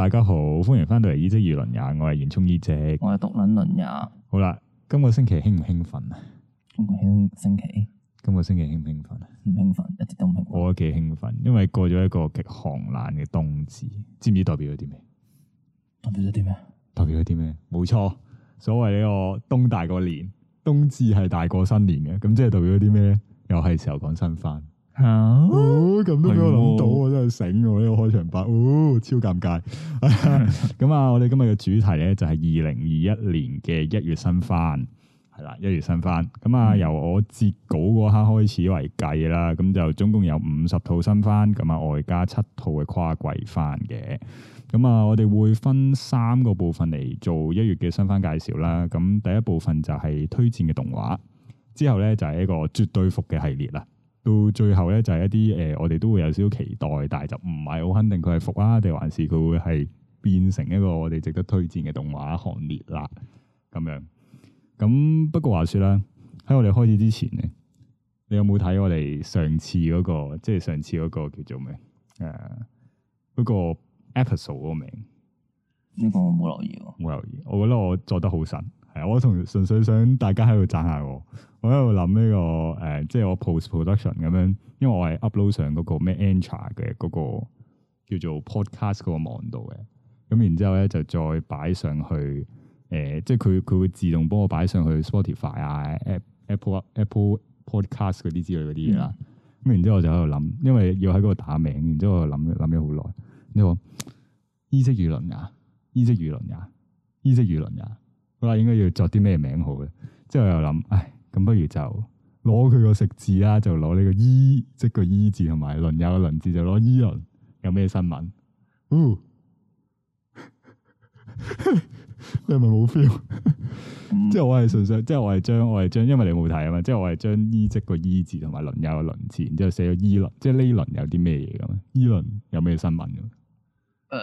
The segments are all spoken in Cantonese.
大家好，歡迎返到嚟《以職輿論日》，我係袁聰醫職，我係讀捻論日。好啦，今個星期興唔興奮啊？今個星期，今個星期興唔興奮啊？唔興，興，興，興奮，一啲都唔興奮。我幾興奮，因為過咗一個極寒冷嘅冬至，知唔知代表咗啲咩？代表咗啲咩？代表咗啲咩？冇錯，所謂呢個冬大過年，冬至係大過新年嘅，咁即係代表咗啲咩咧？又係時候講新番。啊、哦，咁都俾我諗到，的我真係醒我呢個開場白，哦，超尷尬。咁 啊，我哋今日嘅主題咧就係二零二一年嘅一月新番，係啦，一月新番。咁啊，由我截稿嗰刻開始為計啦，咁就總共有五十套新番，咁啊，外加七套嘅跨季番嘅。咁啊，我哋會分三個部分嚟做一月嘅新番介紹啦。咁第一部分就係推薦嘅動畫，之後咧就係、是、一個絕對伏嘅系列啦。到最後咧，就係、是、一啲誒、呃，我哋都會有少少期待，但係就唔係好肯定佢係伏啊，定還是佢會係變成一個我哋值得推薦嘅動畫行列啦。咁樣咁，不過話說啦，喺我哋開始之前咧，你有冇睇我哋上次嗰、那個，即係上次嗰、那個叫做咩誒嗰個 episode 嗰個名？呢個我冇留意喎，冇留意。我覺得我作得好神，係我同純粹想大家喺度讚下我。我喺度諗呢個誒、呃，即係我 post production 咁樣，因為我係 upload 上嗰個咩 anchor 嘅嗰個叫做 podcast 嗰個網度嘅，咁然之後咧就再擺上去誒、呃，即係佢佢會自動幫我擺上去 Spotify 啊 App，Apple Apple Podcast 嗰啲之類嗰啲嘢啦。咁、嗯、然之後我就喺度諗，因為要喺嗰個打名，然之後我諗諗咗好耐。呢個，依色輿論啊，依色輿論啊，依色輿論啊，好啦，應該要作啲咩名好咧？之後又諗，唉。咁不如就攞佢個食字啦，就攞呢個伊、e, 即個伊、e、字，同埋輪有個輪字，就攞伊輪有咩新聞？唔、哦， 你係咪冇 feel？即係我係純粹，即係我係將我係將，因為你冇睇啊嘛，即係我係將伊即個伊、e、字同埋輪有個輪字，然之後寫咗伊輪，即係呢輪有啲咩嘢咁？伊輪、e、輪有咩新聞？誒，uh,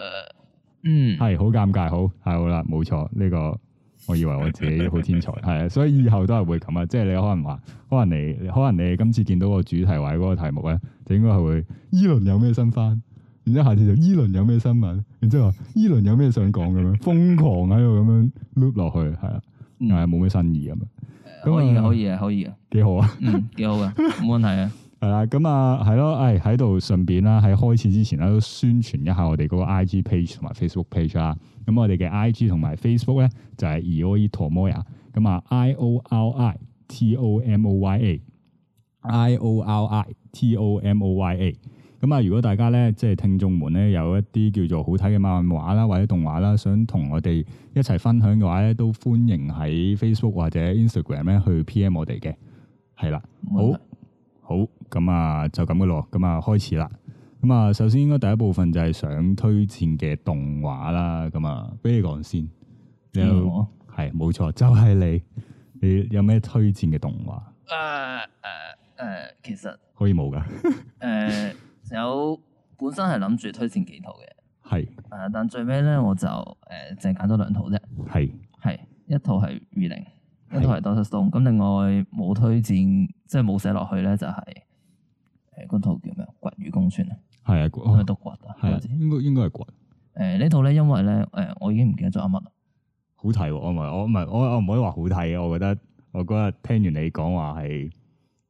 嗯，係好尷尬，好係好啦，冇錯呢個。 我以為我自己好天才，係啊， 所以以後都係會咁啊，即係你可能話，可能你，可能你今次見到個主題或者嗰個題目咧，就應該係會伊倫、e、有咩新番，然之後下次就伊倫、e、有咩新聞，然之後伊倫、e、有咩想講咁樣，瘋狂喺度咁樣 loop 落去，係啊，係冇咩新意咁啊、嗯那，可以，可以啊，可以啊，幾好啊，嗯，幾好噶，冇問題啊，係啦，咁啊，係咯，誒、哎，喺度順便啦，喺開始之前咧都宣傳一下我哋嗰個 IG page 同埋 Facebook page 啦。咁我哋嘅、就是、I G 同埋 Facebook 咧就係 e O e T O M O Y A，咁啊 I O R I T O M O Y A，I O R I T O M O Y A，咁啊如果大家咧即係聽眾們咧有一啲叫做好睇嘅漫畫啦或者動畫啦，想同我哋一齊分享嘅話咧，都歡迎喺 Facebook 或者 Instagram 咧去 P M 我哋嘅，係啦，好，Okay. 好，咁啊就咁嘅咯，咁啊開始啦。咁啊，首先應該第一部分就係想推薦嘅動畫啦，咁啊，畀你講先。你係冇錯，就係、是、你。你有咩推薦嘅動畫？誒誒誒，其實可以冇噶。誒、 呃，有本身係諗住推薦幾套嘅，係誒是、呃，但最尾咧我就誒，淨係揀咗兩套啫。係係是，一套係雨零，一套係 Doctor Stone。咁另外冇推薦，即係冇寫落去咧，就係誒嗰套叫咩？堀與宮村啊！係啊，係咪獨骨啊？係，應該應該係骨。誒、呃，呢套咧，因為咧，誒、呃，我已經唔記得咗阿乜啦。好睇、哦，我唔係我唔係我唔可以話好睇嘅，我覺得我嗰日聽完你講話係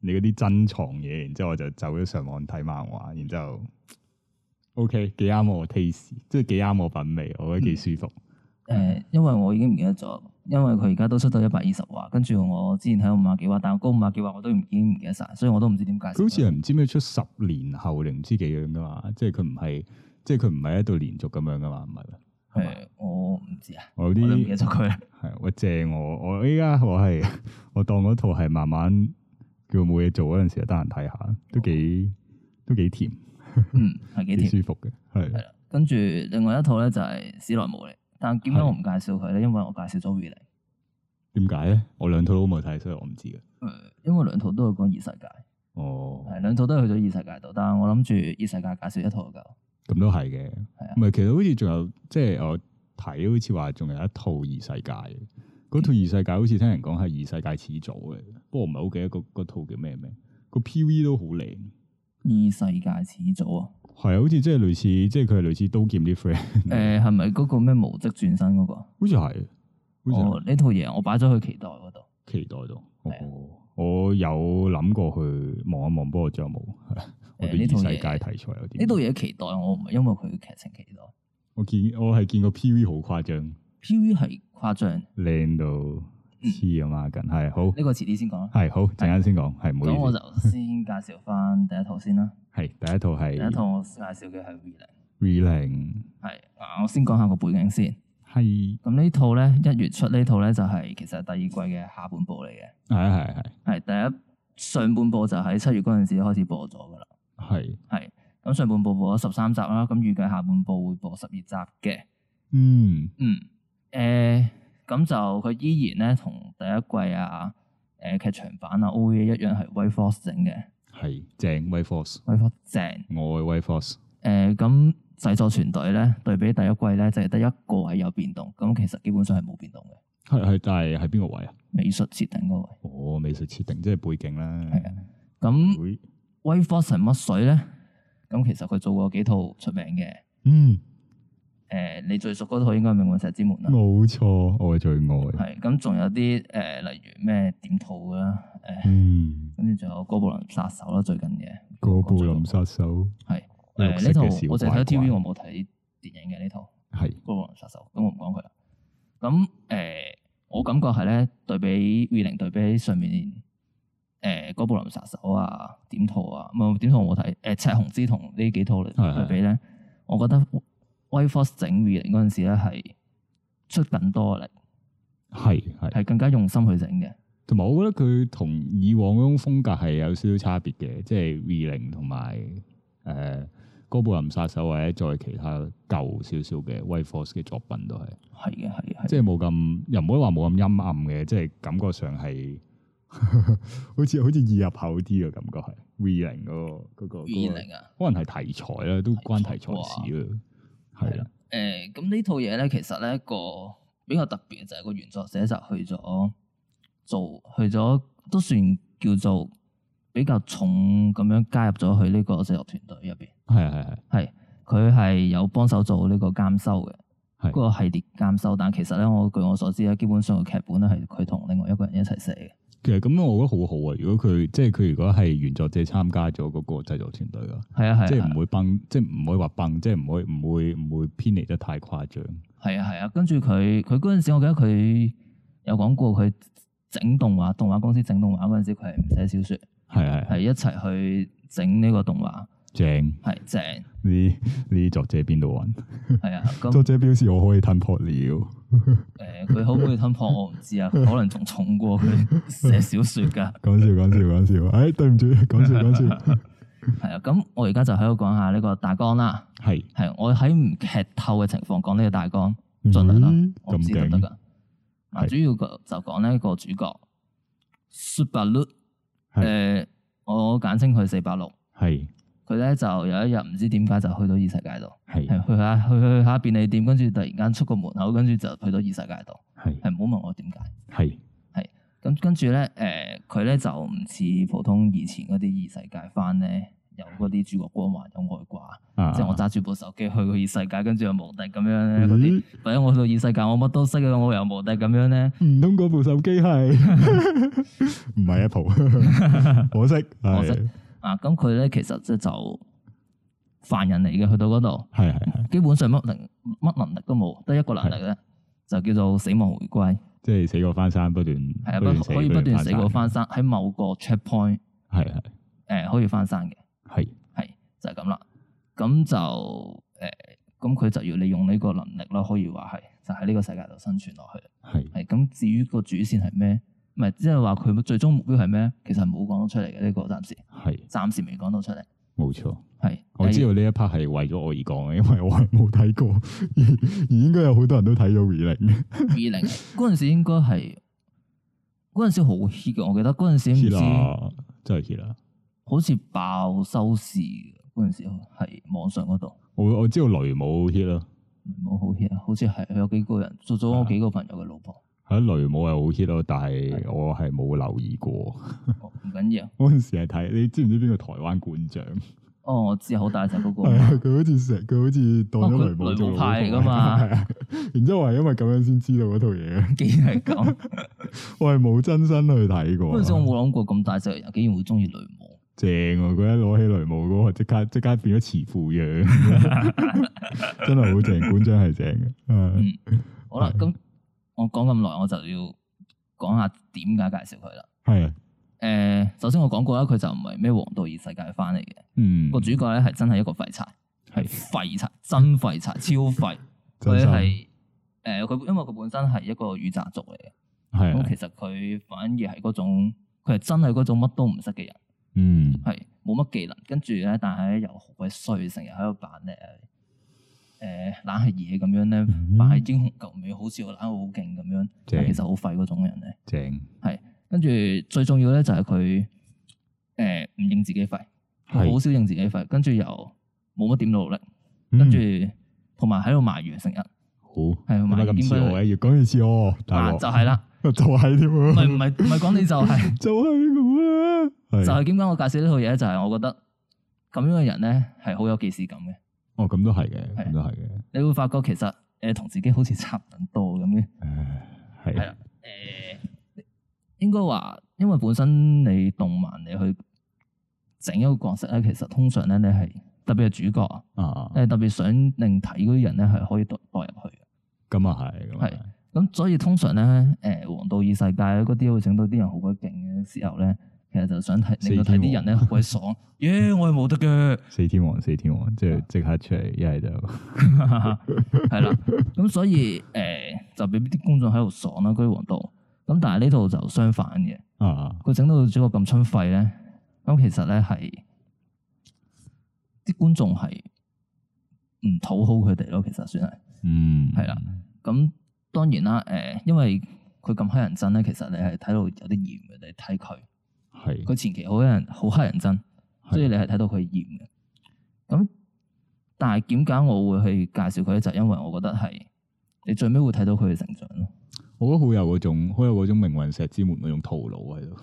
你嗰啲珍藏嘢，然之後我就走咗上網睇漫畫，然之後，OK，幾啱我 taste，即係幾啱我品味，我覺得幾舒服。誒、嗯呃，因為我已經唔記得咗。因為佢而家都出到一百二十話，跟住我之前睇到五百幾話，但係高五百幾話我都已經唔記得晒，所以我都唔知點解。佢好似係唔知咩出十年後定唔知幾樣噶嘛？即係佢唔係，即係佢唔係一度連續咁樣噶嘛？唔係啊？我唔知啊。我有啲唔記得咗佢。係我借我我依家我係我當嗰套係慢慢叫冇嘢做嗰陣時，得閒睇下都幾、哦、都幾甜。嗯，係幾，幾舒服嘅。係。係啦，跟住另外一套咧就係史萊姆嚟。但係點解我唔介紹佢咧？因為我介紹咗 V 玲。點解咧？我兩套都冇睇，所以我唔知嘅。誒、嗯，因為兩套都係講異世界。哦。係兩套都去咗異世界度，但係我諗住異世界介紹一套夠。咁都係嘅。係啊的。唔係，其實好似仲有，即係我睇，好似話仲有一套異世界。嗰套異世界好似聽人講係異世界始祖嘅，嗯、不過唔係好記得嗰，嗰套叫咩名。個 P V 都好靚。異世界始祖啊！係啊，好似即係類似，即係佢係類似刀劍啲 friend。誒，係咪嗰個咩無職轉生嗰，那個？好似係，似。呢、oh, 套嘢我擺咗去期待嗰度，期待度，啊。我有諗過去望一望，不過仲有冇？我對異世界題材有啲。呢套嘢期待我唔係因為佢劇情期待。我見我係見過 P V 好誇張，P V 係誇張，靚到。黐啊嘛咁，係好呢個遲啲先講。係好，陣間先講，係冇。咁我就先介紹翻第一套先啦。係第一套係。第一套我介紹嘅係《Re:Zero》。Re:Zero。係嗱，我先講下個背景先。係。咁呢套咧一月出呢套咧就係其實第二季嘅下半部嚟嘅。係啊係係。係第一上半部就喺七月嗰陣時開始播咗噶啦。係。係。咁上半部播咗十三集啦，咁預計下半部會播十二集嘅。嗯。嗯。誒。咁就佢依然咧，同第一季啊，誒、呃、劇場版啊，OVA 一樣係威 a 整嘅，係正威 a 威 f 正，Force, Force, 正我係 w a y 咁製作團隊咧，對比第一季咧，就係、是、得一個位有變動，咁其實基本上係冇變動嘅。係係，但係喺邊個位啊？美術設定嗰位。哦，美術設定即係、就是、背景啦。係啊。咁威 a y 乜水咧？咁、哎、其實佢做過幾套出名嘅。嗯。誒，你最熟嗰套應該係《命運石之門》啦，冇錯，我係最愛。係咁，仲有啲誒，例如咩點套啦？誒，跟住仲有《哥布林殺手》啦，最近嘅《哥布林殺手》係呢套，我淨係睇 TV，我冇睇電影嘅呢套。係《哥布林殺手》，咁我唔講佢啦。咁誒，我感覺係咧，對比《零》，對比上面誒《哥布林殺手》啊、點套啊，唔係點套我冇睇。誒，赤紅之瞳呢幾套嚟對比咧，我覺得。威 force 整 re 零嗰陣時咧，係出品多力，係係係更加用心去整嘅。同埋，我覺得佢同以往嗰種風格係有少少差別嘅，即係 re 零同埋誒哥布林殺手或者再其他舊少少嘅威 force 嘅作品都係係嘅係嘅，即係冇咁又唔可以話冇咁陰暗嘅，即係感覺上係 好似好似易入口啲嘅感覺係 re 零嗰個嗰、嗰個 re 零、嗰個、啊、嗰個，可能係題材啦，都關題材事啦。係啦，誒咁、嗯、呢套嘢咧，其實咧一個比較特別嘅就係個原作者就去咗做，去咗都算叫做比較重咁樣加入咗去呢個製作團隊入邊。係係係，佢係的有幫手做呢個監修嘅，的個系列監修。但其實咧，我據我所知咧，基本上嘅劇本咧係佢同另外一個人一齊寫嘅。其實咁樣我覺得好好啊！如果佢即係佢如果係原作者參加咗嗰個製作團隊啊，係啊係，即係唔會崩，啊、即係唔會話崩，即係唔會唔會唔會偏離得太誇張。係啊係啊，跟住佢佢嗰陣時，我記得佢有講過，佢整動畫，動畫公司整動畫嗰陣時，佢係唔寫小說，係係係一齊去整呢個動畫。正係正，呢呢作者邊度揾？係啊，作者表示我可以吞破了。誒，佢可唔可以吞破？我唔知啊，可能仲重過佢寫小說噶。講笑講笑講笑，誒，對唔住，講笑講笑。係啊，咁我而家就喺度講下呢個大綱啦。係係，我喺唔劇透嘅情況講呢個大綱，盡量啦，我唔知得唔得噶。主要就講呢個主角 Superlu，誒，我簡稱佢四百六。係。佢咧就有一日唔知點解就去到異世界度，係去下去去下便利店，跟住突然間出個門口，跟住就去到異世界度，係唔好問我點解，係係咁跟住咧，誒佢咧就唔似普通以前嗰啲異世界番咧，有嗰啲主角光環有外掛，即係我揸住部手機去個異世界，跟住又無敵咁樣咧嗰啲，或者我去到異世界我乜都識嘅，我又無敵咁樣咧，唔通嗰部手機係唔係 Apple？可惜。我識。啊，咁佢咧其實即就，就凡人嚟嘅，去到嗰度，係，係係，基本上乜能乜能力都冇，得一個能力咧係就叫做死亡回歸，即係死過翻生不斷，係啊，可以不斷死過翻生，喺某個 checkpoint 係，係，誒可以翻生嘅，係，係，就係咁啦，咁就誒咁佢就要利用呢個能力咯，可以話係就喺、係、呢個世界度生存落去，係係係，係咁至於個主線係咩？唔係，即係話佢最終目標係咩？其實冇講到出嚟嘅，呢個暫時係暫時未講到出嚟，冇錯。係我知道呢一 part 係為咗我而講，因為我係冇睇過，而而應該有好多人都睇咗二零嘅二零嗰陣時應該，應該係嗰陣時好 hit 嘅。我記得嗰陣時 hit 真係 hit 啦，好似爆收視嗰陣時，係網上嗰度。我我知道雷冇 hit 啦，冇好 hit 啊，好似係有幾個人做咗我幾個朋友嘅老婆。喺雷姆係好 hit 咯，但係我係冇留意過。唔緊要，嗰陣時係睇，你知唔知邊個台灣館長？哦，我知好大隻嗰個，佢好似成日，佢好似當咗雷姆派嚟噶嘛？然之後我係因為咁樣先知道嗰套嘢。竟然係咁，我係冇真心去睇過。嗰陣時我冇諗過咁大隻竟然會中意雷姆。正，佢一攞起雷姆嗰個，即刻即刻變咗慈父樣，真係好正。館長係正嘅。好啦，咁。我講咁耐，我就要講下點解介紹佢啦。係的，誒、呃，首先我講過啦，佢就唔係咩王道異世界翻嚟嘅。嗯。個主角咧係真係一個廢柴，係廢的柴，真廢柴，超廢。佢係 ，誒、呃，佢因為佢本身係一個羽雜族嚟嘅。係的。咁、嗯、其實佢反而係嗰種，佢係真係嗰種乜都唔識嘅人。嗯。係，冇乜技能，跟住咧，但係咧又好鬼衰，成日喺度扮叻。誒，懶係嘢咁樣咧，扮係英雄救美，好似我懶好勁咁樣，但其實好廢嗰種人咧。正係跟住最重要咧，就係佢誒唔認自己廢，好少認自己廢，跟住是 又冇乜點努力，跟住同埋喺度、哦、埋怨成日。好係埋咁衰，越講越似我。就係啦，就係添啊，唔係唔係唔係講你就係，就係咁啊，就係點解我介紹呢套嘢咧？就係我覺得咁樣嘅人咧，係好有既視感嘅。哦，咁都係嘅，咁都係嘅。你會發覺其實誒同、呃、自己好似差唔多咁嘅。誒，係啊，誒、呃、應該話，因為本身你動漫你去整一個角色咧，其實通常咧你係特別係主角啊，誒、呃、特別想令睇嗰啲人咧係可以代代入去嘅。咁啊係，係、嗯、咁，嗯嗯、所以通常咧誒《王、呃、道異世界》嗰啲會整到啲人好鬼勁嘅時候咧。其實就想睇，令到睇啲人咧好鬼爽。耶！我係冇得嘅。四天王，四天王，即係即刻出嚟，一係就係啦。咁所以誒，就俾啲觀眾喺度爽啦，居王道。咁但係呢度就相反嘅。啊啊！佢整到主角咁春肺咧，咁其實咧係啲觀眾係唔討好佢哋咯。其實算係，嗯，係啦。咁當然啦，誒，因為佢咁乞人憎咧，其實你係睇到有啲嫌嘅，你睇佢。佢是前期好人好乞人憎，的所以你係睇到佢厭嘅。咁但係點解我會去介紹佢咧？就係，因為我覺得係你最尾會睇到佢嘅成長咯。我覺得好有嗰種，好有嗰種命運石之門嗰種套路喺度。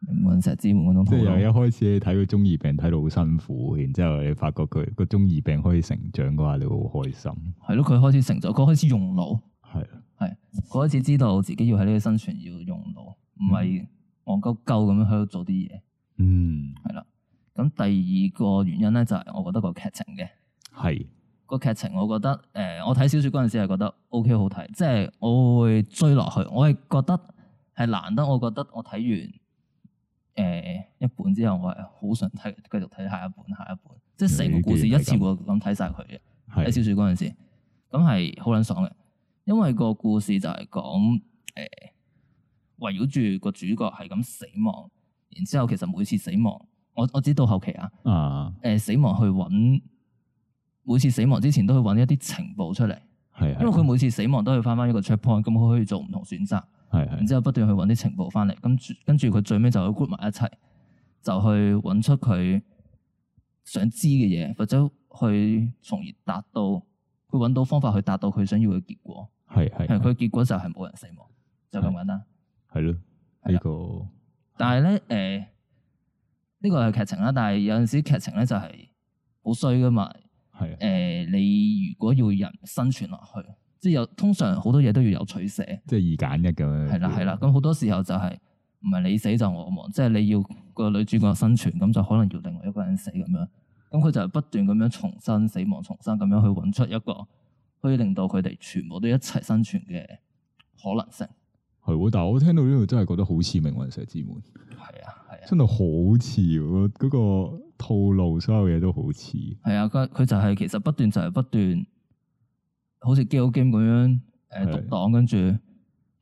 命運石之門嗰種，即係由一開始你睇佢中二病睇到好辛苦，然之後你發覺佢個中二病開始成長嘅話，你會好開心。係咯，佢開始成長，佢開始用腦。係係的，佢開始知道自己要喺呢度生存，要用腦，唔係，嗯。憨鳩鳩咁樣喺度做啲嘢，嗯，係啦。咁第二個原因咧，就係我覺得個劇情嘅，係個劇情，我覺得誒，我睇小説嗰陣時係覺得 OK 好睇，即係我會追落去。我係覺得係難得，我覺得我睇完誒一本之後，我係好想睇繼續睇下一本、下一本，即係成個故事一次過咁睇晒佢嘅。喺小説嗰陣時，咁係好撚爽嘅，因為個故事就係講誒。圍繞住個主角係咁死亡，然之後其實每次死亡，我我知道後期啊，誒死亡去揾每次死亡之前都去揾一啲情報出嚟，係啊，因為佢每次死亡都要翻翻一個 checkpoint，咁佢可以做唔同選擇，係，然之後不斷去揾啲情報翻嚟，咁跟住佢最尾就 group 埋一齊，就去揾出佢想知嘅嘢，或者去從而達到佢揾到方法去達到佢想要嘅結果，係，係佢結果就係冇人死亡，就咁簡單。係咯，呢個，但係咧，誒、呃，呢個係劇情啦。但係有陣時劇情咧就係好衰噶嘛。係啊。誒、呃，你如果要人生存落去，即係有通常好多嘢都要有取捨。即係二揀一咁樣。係啦係啦，咁好多時候就係唔係你死就我亡，即係你要個女主角生存，咁就可能要另外一個人死咁樣。咁佢就不斷咁樣重新死亡，重新咁樣去揾出一個可以令到佢哋全部都一齊生存嘅可能性。係，但係我聽到呢度真係覺得好似《命運石之門》係啊，係啊，真係好似嗰嗰個套路，所有嘢都好似係啊。佢佢就係、是、其實不斷就係不斷，好似《k i game》咁樣誒，讀檔跟住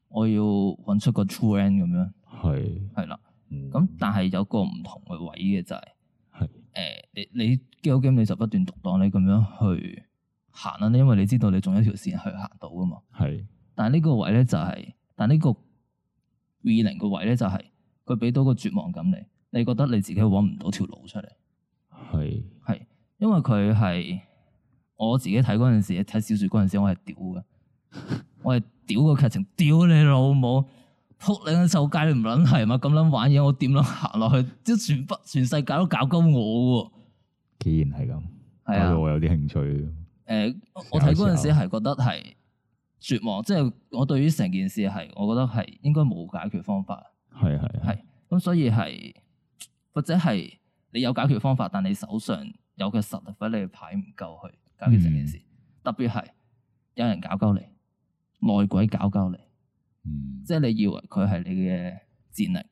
我要搵出個 true end 咁樣係係啦。咁但係有個唔同嘅位嘅就係、是，的誒，你你《k i game》你就不斷讀檔，你咁樣去行啦。你因為你知道你仲有一條線去行到噶嘛。係，但係呢個位咧就係、是。但呢個 V 二零個位咧，就係佢俾到個絕望感你，你覺得你自己揾唔到條路出嚟，係係是，因為佢係我自己睇嗰陣時，睇小説嗰陣時我， 我係屌嘅，我係屌個劇情，屌你老母，撲你個臭街，你唔撚係嘛？咁撚玩嘢，我點撚行落去？即係全不全世界都搞鳩我喎、啊。既然係咁，搞到、啊、我有啲興趣。誒，我睇嗰陣時係覺得係。絕望，即係我對於成件事係，我覺得係應該冇解決方法。係係係，咁所以係或者係你有解決方法，但你手上有嘅實力或者你嘅牌唔夠去解決成件事。嗯、特別係有人搞鳩你，內鬼搞鳩你，嗯、即係你以為佢係你嘅戰力，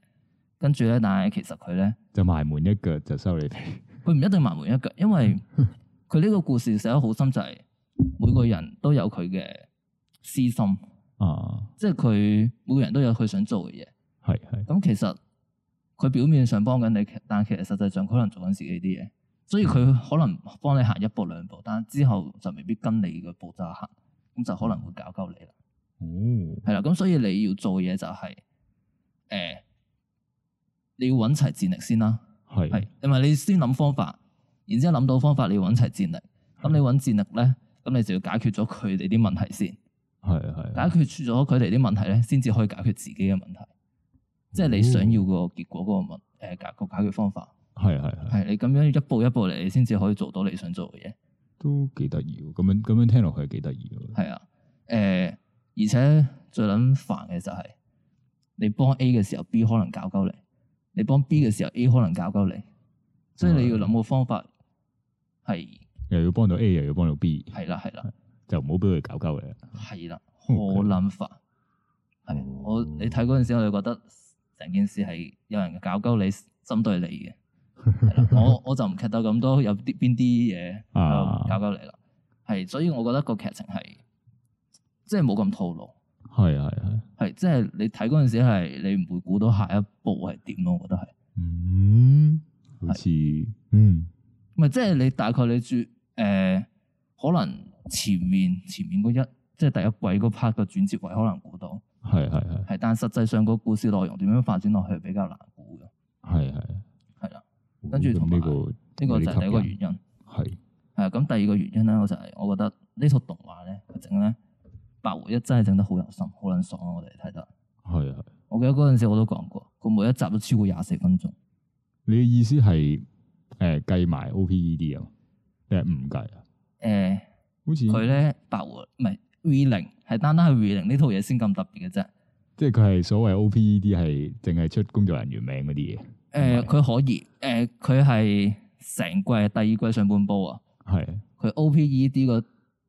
跟住咧，但係其實佢咧就埋門一腳就收你哋。佢唔 一定埋門一腳，因為佢呢個故事寫得好深，就係每個人都有佢嘅。私心啊，即係佢每個人都有佢想做嘅嘢，係係咁。其實佢表面上幫緊你，但其實實際上可能做緊自己啲嘢，所以佢可能幫你行一步兩步，但之後就未必跟你嘅步驟行，咁就可能會搞鳩你啦。哦、嗯，係啦，咁所以你要做嘅嘢就係、是、誒、呃，你要搵齊戰力先啦，係係唔係？你先諗方法，然之後諗到方法，你搵齊戰力。咁的你搵戰力咧，咁你就要解決咗佢哋啲問題先。係係，是是，解決咗佢哋啲問題咧，先至可以解決自己嘅問題。即係你想要個結果嗰個問，誒、哦、個解決方法。係係係，係你咁樣一步一步嚟，你先至可以做到你想做嘅嘢。都幾得意喎！咁樣咁樣聽落去係幾得意嘅。係啊，誒、呃，而且最諗煩嘅就係、是，你幫 A 嘅時候 B 可能搞鳩你，你幫 B 嘅時候 A 可能搞鳩你，所以你要諗個方法係然辯 remedy 又要幫到 A 又要幫到 B 是。係啦係啦。就唔好畀佢搞鳩你。係啦，冇諗法？係我你睇嗰陣時，我就覺得成件事係有人搞鳩你，針對你嘅。係啦， 我我就唔劇透咁多有，有啲邊啲嘢搞鳩你啦。係、啊，所以我覺得個劇情係即係冇咁套路。係啊係啊係，即係的的、就是、你睇嗰陣時係你唔會估到下一步係點咯，我覺得係、嗯。嗯，好似嗯，唔係即係你大概你住誒、呃呃、可能。前面前面嗰一即係第一季嗰 part 嘅轉折位，可能估到係係係，是是是，但實際上個故事內容點樣發展落去比較難估嘅。係係係啦，的嗯、跟住同埋呢個就係第一個原因係係咁。第二個原因咧，我就係、是、我覺得呢套動畫咧佢整咧白回一真係整得好有心，好撚爽啊！我哋睇得係啊，是是是，我記得嗰陣時我都講過，佢每一集都超過廿四分鐘。你嘅意思係誒、呃、計埋 O P E D 啊？定係唔計啊？誒。好似佢咧，白活唔係 reeling，係單單係 reeling 呢套嘢先咁特別嘅啫。即係佢係所謂 OPED 係淨係出工作人員名嗰啲嘢。誒、呃，佢、嗯、可以，誒、呃，佢係成季第二季上半波啊。係的。佢 OPED 個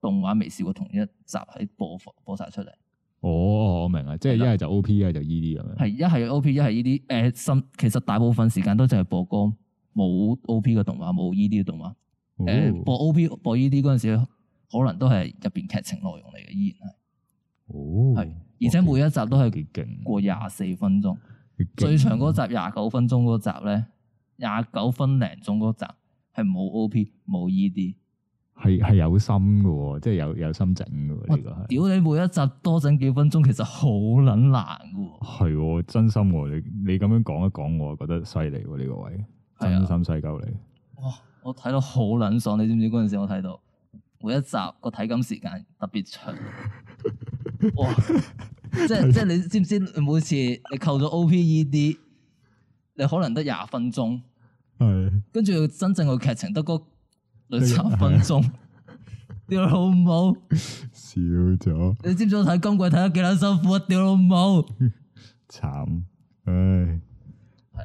動畫未試過同一集喺播放播晒出嚟。哦，我明啊，的即係一係就 O.P. 一係就 E.D. 咁樣的。係一係 O.P.，一係 E.D.，誒、呃，甚其實大部分時間都淨係播歌冇 O.P. 嘅動畫，冇 E.D. 嘅動畫。誒，哦、播 O.P. 播 E.D. 嗰陣時。可能都係入邊劇情內容嚟嘅，依然係，係、哦，而且每一集都係幾勁過廿四分鐘，最長嗰集廿九分鐘嗰集咧，廿九分零鐘嗰集係冇 OP 冇 ED，係係有心嘅、哦，即係有有心整嘅呢個係，屌你哇是每一集多整幾分鐘，其實好撚難嘅、哦，係，真心、哦、你你咁樣講一講，我啊覺得犀利喎呢個位，的真心犀鳩你，哇，我睇到好撚爽，你知唔知嗰陣時我睇到？每一集個體感時間特別長，哇！即係 即係 你知唔知？每次你扣咗 O P E D，你可能得廿分鐘，係的跟住真正個劇情得嗰兩三分鐘，屌老母！少咗 了你知唔知？我睇今季睇得幾捻辛苦啊！屌老母！慘唉，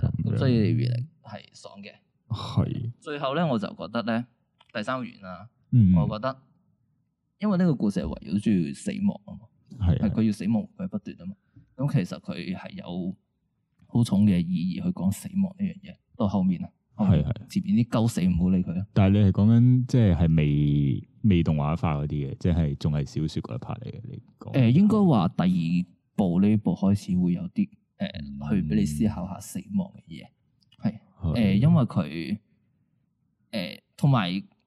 咁、哎、所以原來係爽嘅，係最後咧，我就覺得咧，第三完啦嗯，我覺得，因為呢個故事係圍繞住死亡啊嘛，係佢是要死亡佢不，不斷啊嘛，咁是其實佢係有好重嘅意義去講死亡呢樣嘢到後面啊，係係前面啲是鳩死唔好理佢啊。但係你係講緊即係係未未動畫化嗰啲嘅，即係仲係小説嗰一 part 嚟嘅。你講誒、呃、應該話第二部呢部開始會有啲誒、呃、去俾你思考下死亡嘅嘢，係誒、嗯呃、因為佢誒同埋。呃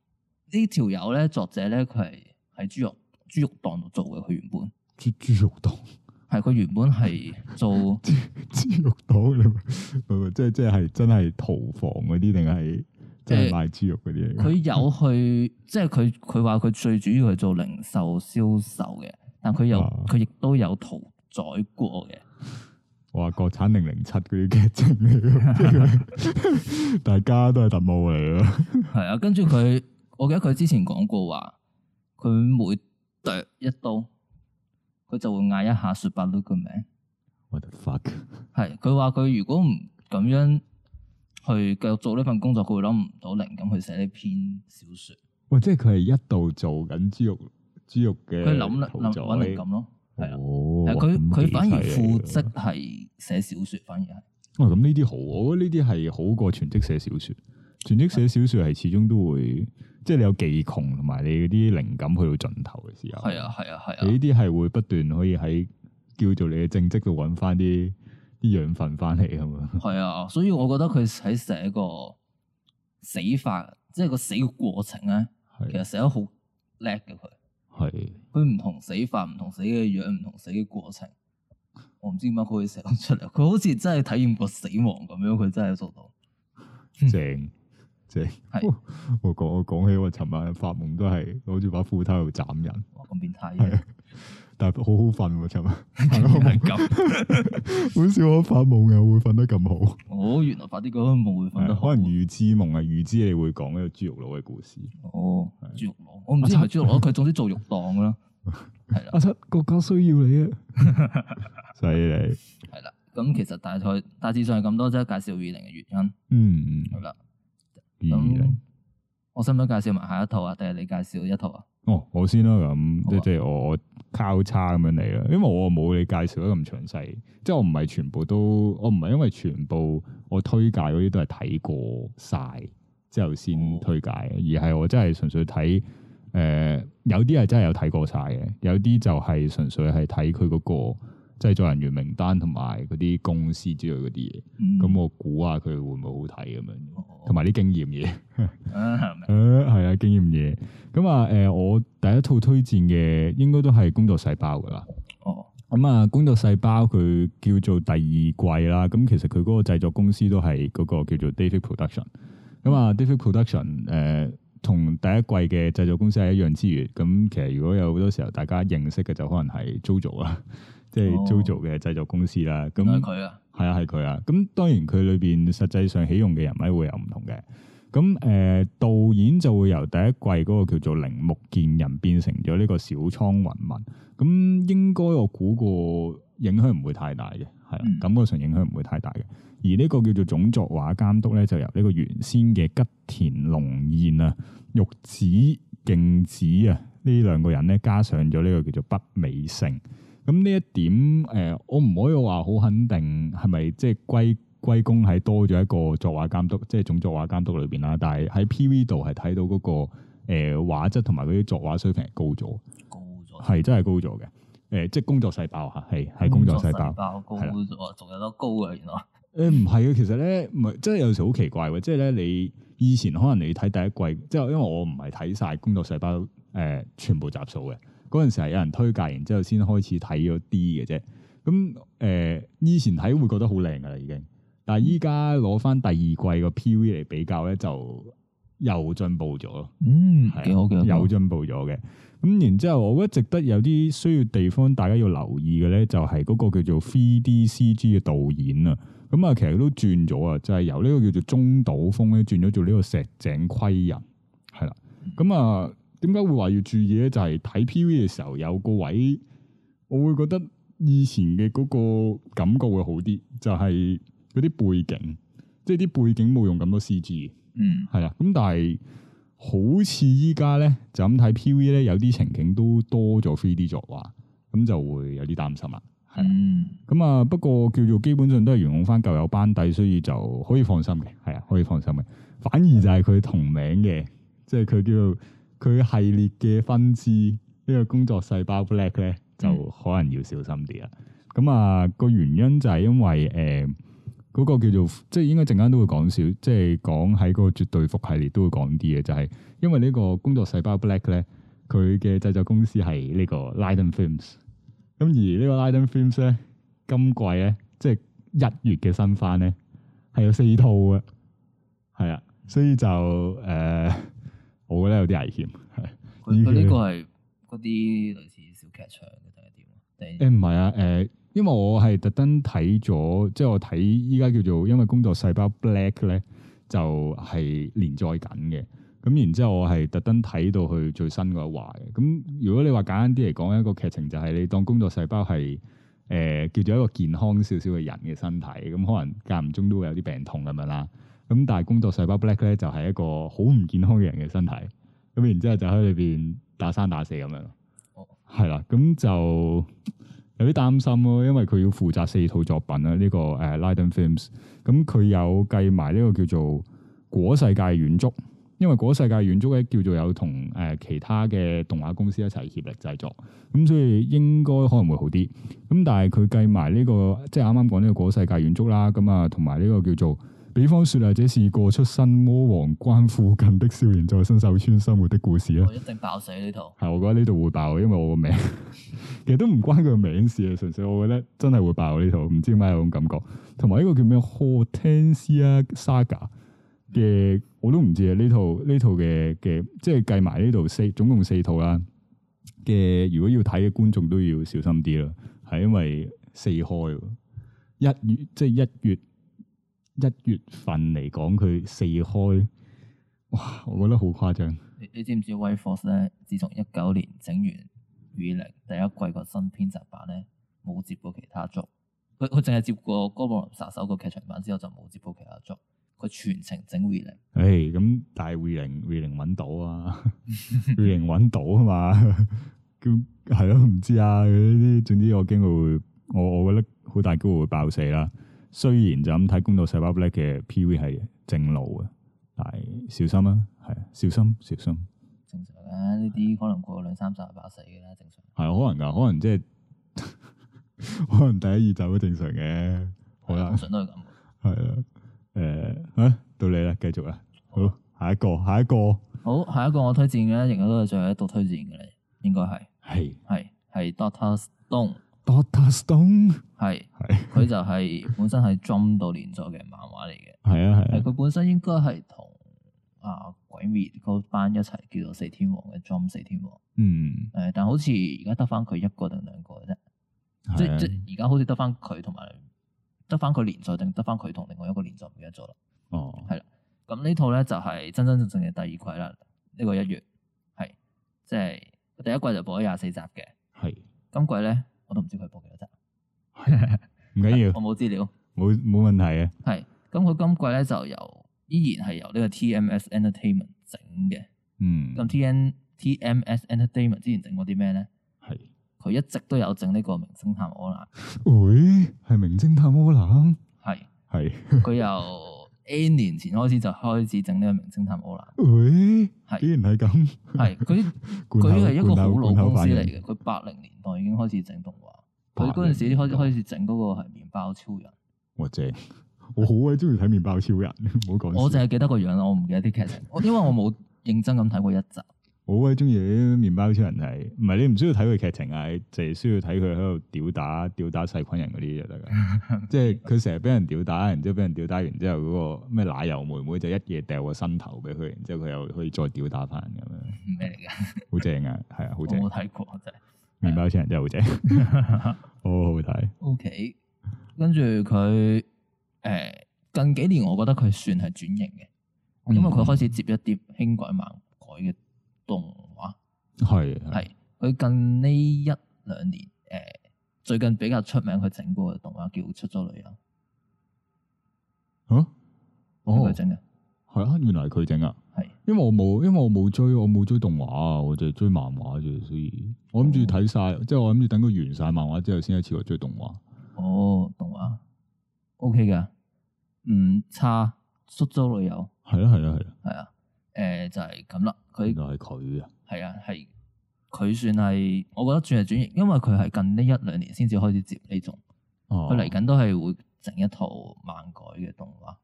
呢條友咧，作者咧，佢係喺豬肉豬肉檔度做嘅。佢原本豬豬肉檔係佢原本係做豬肉檔，即係即係真係屠房嗰啲，定係即係賣豬肉嗰啲。佢、呃、有去，即係佢佢話佢最主要係做零售銷售嘅，但佢又佢亦都有屠宰過嘅。哇！國產零零七嗰啲劇情嚟嘅， 大家都係特務嚟嘅。係啊，跟住佢。我記得佢之前講過話，佢每剁一刀，佢就會嗌一下雪《雪白女嘅名。我得 fuck。係，佢話佢如果唔咁樣去繼續做呢份工作，佢會諗唔到靈感去寫呢篇小説。哇、哦！即係佢係一度做緊豬肉，豬肉嘅佢諗啦，諗揾靈感咯。係啊，佢佢反而副職係寫小説，反而哇！咁呢啲好，我覺得呢啲係好過全職寫小説，全職寫小說係始終都會，即係你有技窮同埋你嗰啲靈感去到盡頭嘅時候，係啊係啊係啊，呢啲係會不斷可以喺叫做你嘅正職度揾翻啲啲養分翻嚟咁樣。係啊， 所以我覺得佢喺寫個死法，即係個死嘅過程咧，是其實寫得好叻嘅佢。係佢唔同死法，唔同死嘅樣，唔同死嘅過程，我唔知點解佢會寫咁出嚟。佢好似真係體驗過死亡咁樣，佢真係做到、嗯、正。我講我講起我尋晚發夢都係攞住把斧頭斬人，哇，咁變態，但係好好瞓喎，尋晚好係咁，好少我發夢又會瞓得咁好。哦，原來發啲咁嘅夢會瞓得好，可能預知夢啊，預知你會講呢個豬肉佬嘅故事。哦，豬肉佬，我唔知係豬肉佬，佢總之做肉檔噶啦。係啦，阿七國家需要你啊！所以你，係啦，咁其實大概大致上係咁多啫，介紹雨玲嘅原因。嗯嗯，好啦。咁，我使唔使介紹埋下一套啊？定係你介紹一套啊？哦，我先啦，咁、嗯、即即係我，吧我，我交叉咁樣嚟啦，因為我冇你介紹得咁詳細，即係我唔係全部都，我唔係因為全部我推介嗰啲都係睇過晒之後先推介，哦、而係我真係純粹睇誒、呃，有啲係真係有睇過晒嘅，有啲就係純粹係睇佢嗰個。製作人員名單同埋嗰啲公司之類嗰啲嘢，咁、嗯、我估下佢會唔會好睇咁樣？同埋啲經驗嘢，係啊經驗嘢。咁 啊，誒、啊啊呃，我第一套推薦嘅應該都係、哦嗯《工作細胞》噶啦。哦，咁啊，《工作細胞》佢叫做第二季啦。咁其實佢嗰個製作公司都係嗰個叫做 David Production。咁、嗯、啊，David Production 誒、呃，同第一季嘅製作公司係一樣之餘，咁其實如果有好多時候大家認識嘅，就可能係 Jojo 啦 jo。即係 Jojo 嘅製作公司啦，咁係、哦、佢啊，係佢啊。咁、啊、當然佢裏邊實際上起用嘅人物會有唔同嘅。咁誒、呃、導演就會由第一季嗰個叫做鈴木健人變成咗呢個小倉雲文，文。咁應該我估個影響唔會太大嘅，係啦、啊，感覺、嗯、上影響唔會太大嘅。而呢個叫做總作畫監督咧，就由呢個原先嘅吉田龍彥啊、玉子敬子啊呢兩個人咧，加上咗呢個叫做北美成。咁呢、嗯、一點，誒、呃，我唔可以話好肯定係咪即係歸歸功喺多咗一個作畫監督，即係總作畫監督裏邊啦。但係喺 PV 度係睇到嗰、那個誒畫質同埋嗰啲作畫水平係高咗，高咗了係真係高咗嘅。誒、呃，即係工作細胞嚇係係工作細胞仲、啊、有得高嘅原來。誒唔係嘅，其實咧，唔係即係有時好奇怪喎，即係咧，你以前可能你睇第一季，即係因為我唔係睇晒工作細胞誒、呃、全部集數嘅。嗰陣時係有人推介，然之後先開始睇咗啲嘅啫。咁誒、呃，以前睇會覺得好靚㗎喇，已經。但係依家攞返第二季個 PV 嚟比較咧，就又進步咗囉。嗯，幾好有進步咗嘅。咁、嗯、然之後，我覺得值得有啲需要地方，大家要留意嘅咧，就係、是、嗰個叫做 3D CG 嘅導演啊。咁啊，其實都轉咗啊，就係、是、由呢個叫做中島風咧，轉咗做呢個石井圭人，係啦。咁啊。點解會話要注意咧？就係、是、睇 P.V. 嘅時候有個位，我會覺得以前嘅嗰個感覺會好啲。就係嗰啲背景，即係啲背景冇用咁多 C.G.，嗯，係啦。咁但係好似依家咧就咁睇 P.V. 咧，有啲情景都多咗 three D 作畫，咁就會有啲擔心啦。係咁啊，不過叫做基本上都係沿用翻舊有班底，所以就可以放心嘅。係啊，可以放心嘅。反而就係佢同名嘅，嗯、即係佢叫做。佢系列嘅分支呢，這個工作細胞 Black 咧，就可能要小心啲啦。咁、嗯嗯、啊，個原因就係因為誒嗰，呃那個叫做即係應該陣間都會講少，即係講喺嗰個絕對伏系列都會講啲嘅，就係、是、因為呢個工作細胞 Black 咧，佢嘅製作公司係呢個 Liden Films、嗯。咁而呢個 Liden Films 咧，今季咧即係一月嘅新番咧，係有四套嘅，係啊，所以就誒。呃我覺得有啲危險，佢呢個係嗰啲類似小劇場定係點？誒唔係啊，誒、呃，因為我係特登睇咗，即係我睇依家叫做因為工作細胞 Black 咧，就係、是、連載緊嘅。咁然之後我係特登睇到去最新嗰一話嘅。咁如果你話簡單啲嚟講，一個劇情就係你當工作細胞係誒、呃、叫做一個健康少少嘅人嘅身體，咁可能間唔中都會有啲病痛咁樣啦。咁但係工作細胞 Black 咧，就係、是、一個好唔健康嘅人嘅身體。咁然之後就喺裏邊打生打死咁樣，係啦、哦。咁就有啲擔心咯、哦，因為佢要負責四套作品啊。呢、這個誒 Lightning Films。咁佢有計埋呢個叫做《果世界遠足》，因為《果世界遠足》咧叫做有同誒其他嘅動畫公司一齊協力製作，咁所以應該可能會好啲。咁但係佢計埋呢、這個即係啱啱講呢個《果世界遠足》啦。咁啊，同埋呢個叫做。比方說啊，這是過出身魔王關附近的少年在新手村生活的故事，我一定爆死呢套。係，我覺得呢度會爆，因為我個名， 其實都唔關佢個名事啊。純粹我覺得真係會爆呢套，唔知點解有種感覺。同埋呢個叫咩？Hortensia Saga 嘅，我都唔知啊。呢套呢套嘅嘅，即係計埋呢度四，總共四套啦。嘅如果要睇嘅觀眾都要小心啲咯，係因為四開一月，即係一月。一月份嚟講，佢四開，哇！我覺得好誇張。你知唔知威 force 咧？自從一九年整完《雨靈》第一季個新編集版咧，冇接過其他作。佢佢淨係接過《哥布林殺手》個劇場版之後，就冇接過其他作。佢全程整雨、 欸雨《雨靈》。誒，咁但係《月靈》《月靈》搵到啊，《 雨靈》搵到啊嘛。咁係咯，唔、嗯嗯嗯嗯嗯嗯嗯、知啊。呢、uh, 啲總之我驚佢會，我我覺得好大機會,會爆死啦。雖然就咁睇工作細胞 BLACK 嘅 P.V 係正路啊，但係小心啊，係小心小心。小心正常啊，呢啲可能過兩三集就死嘅啦，啊，正常。係可能噶，可能即係可、就是、可能第一二集會正常嘅，好啦，啊。我通常都係咁。係、誒、啊啊，到你啦，繼續啊。好，好下一個，下一個。好，下一個我推薦嘅咧，仍然都係最後一度推薦嘅咧，應該係係係係 Dr. Stone。Doctor Stone 係係佢就係本身係 Jump 到連載嘅漫畫嚟嘅係啊係，佢、啊啊、本身應該係同啊鬼滅嗰班一齊叫做四天王嘅 Jump 四天王嗯誒，但好似而家得翻佢一個定兩個嘅啫、啊，即即而家好似得翻佢同埋得翻佢連載定得翻佢同另外一個連載，唔記得咗啦哦係啦，咁、啊、呢套咧就係、是、真真正正嘅第二季啦，呢、這個一月係即係第一季就播咗廿四集嘅係今季咧。我都唔知佢播幾多集 係，唔緊要，我冇資料，冇冇問題嘅、啊。係，咁佢今季咧就由依然係由呢個 TMS Entertainment 整嘅，嗯，咁 TNTMS Entertainment 之前整過啲咩咧？係是，佢一直都有整呢個《名偵探柯南》。喂，係《名偵探柯南》是？係，係。佢又。N 年前開始就開始整呢個名《名偵探柯南》。誒，係，竟然係咁。係，佢，佢係一個好老公司嚟嘅。佢八零年代已經開始整動畫。佢嗰陣時開始，開始整嗰個係《麵包超人》。我正，我好鬼鍾意睇《麵包超人。》 唔好講。我淨係記得個樣啦，我唔記得啲劇情。我 因為我冇認真咁睇過一集。我好鬼中意啲麵包超人係，唔係，你唔需要睇佢劇情啊，淨係需要睇佢喺度吊打吊打細菌人嗰啲就得噶。即係佢成日俾人吊打，然之後俾人吊打完之後，嗰個咩奶油妹妹就一夜掉個新頭畀佢，然之後佢又可以再吊打翻咁樣。咩嚟噶？好正啊，係啊，好正。我冇睇過真係，麵包超人真係 好正，好好睇。OK，跟住佢誒，近幾年我覺得佢算係轉型嘅，因為佢開始接一啲輕改漫改嘅。動畫係係佢近呢一兩年誒、呃，最近比較出名佢整過嘅動畫叫出《出租女友》啊？哦，整嘅係啊！原來係佢整啊！係因為我冇因為我冇追我冇追動畫啊，我淨係追漫畫啫，所以我諗住睇晒，哦、即係我諗住等佢完晒漫畫之後，先一次過追動畫。哦，動畫 OK 嘅，唔差，出《出租女友》係啊係啊係啊係啊！誒、呃、就係咁啦，佢原來係佢啊，係啊，係佢算係我覺得轉嚟轉型，因為佢係近呢一兩年先至開始接呢種，佢嚟緊都係會整一套漫改嘅動畫，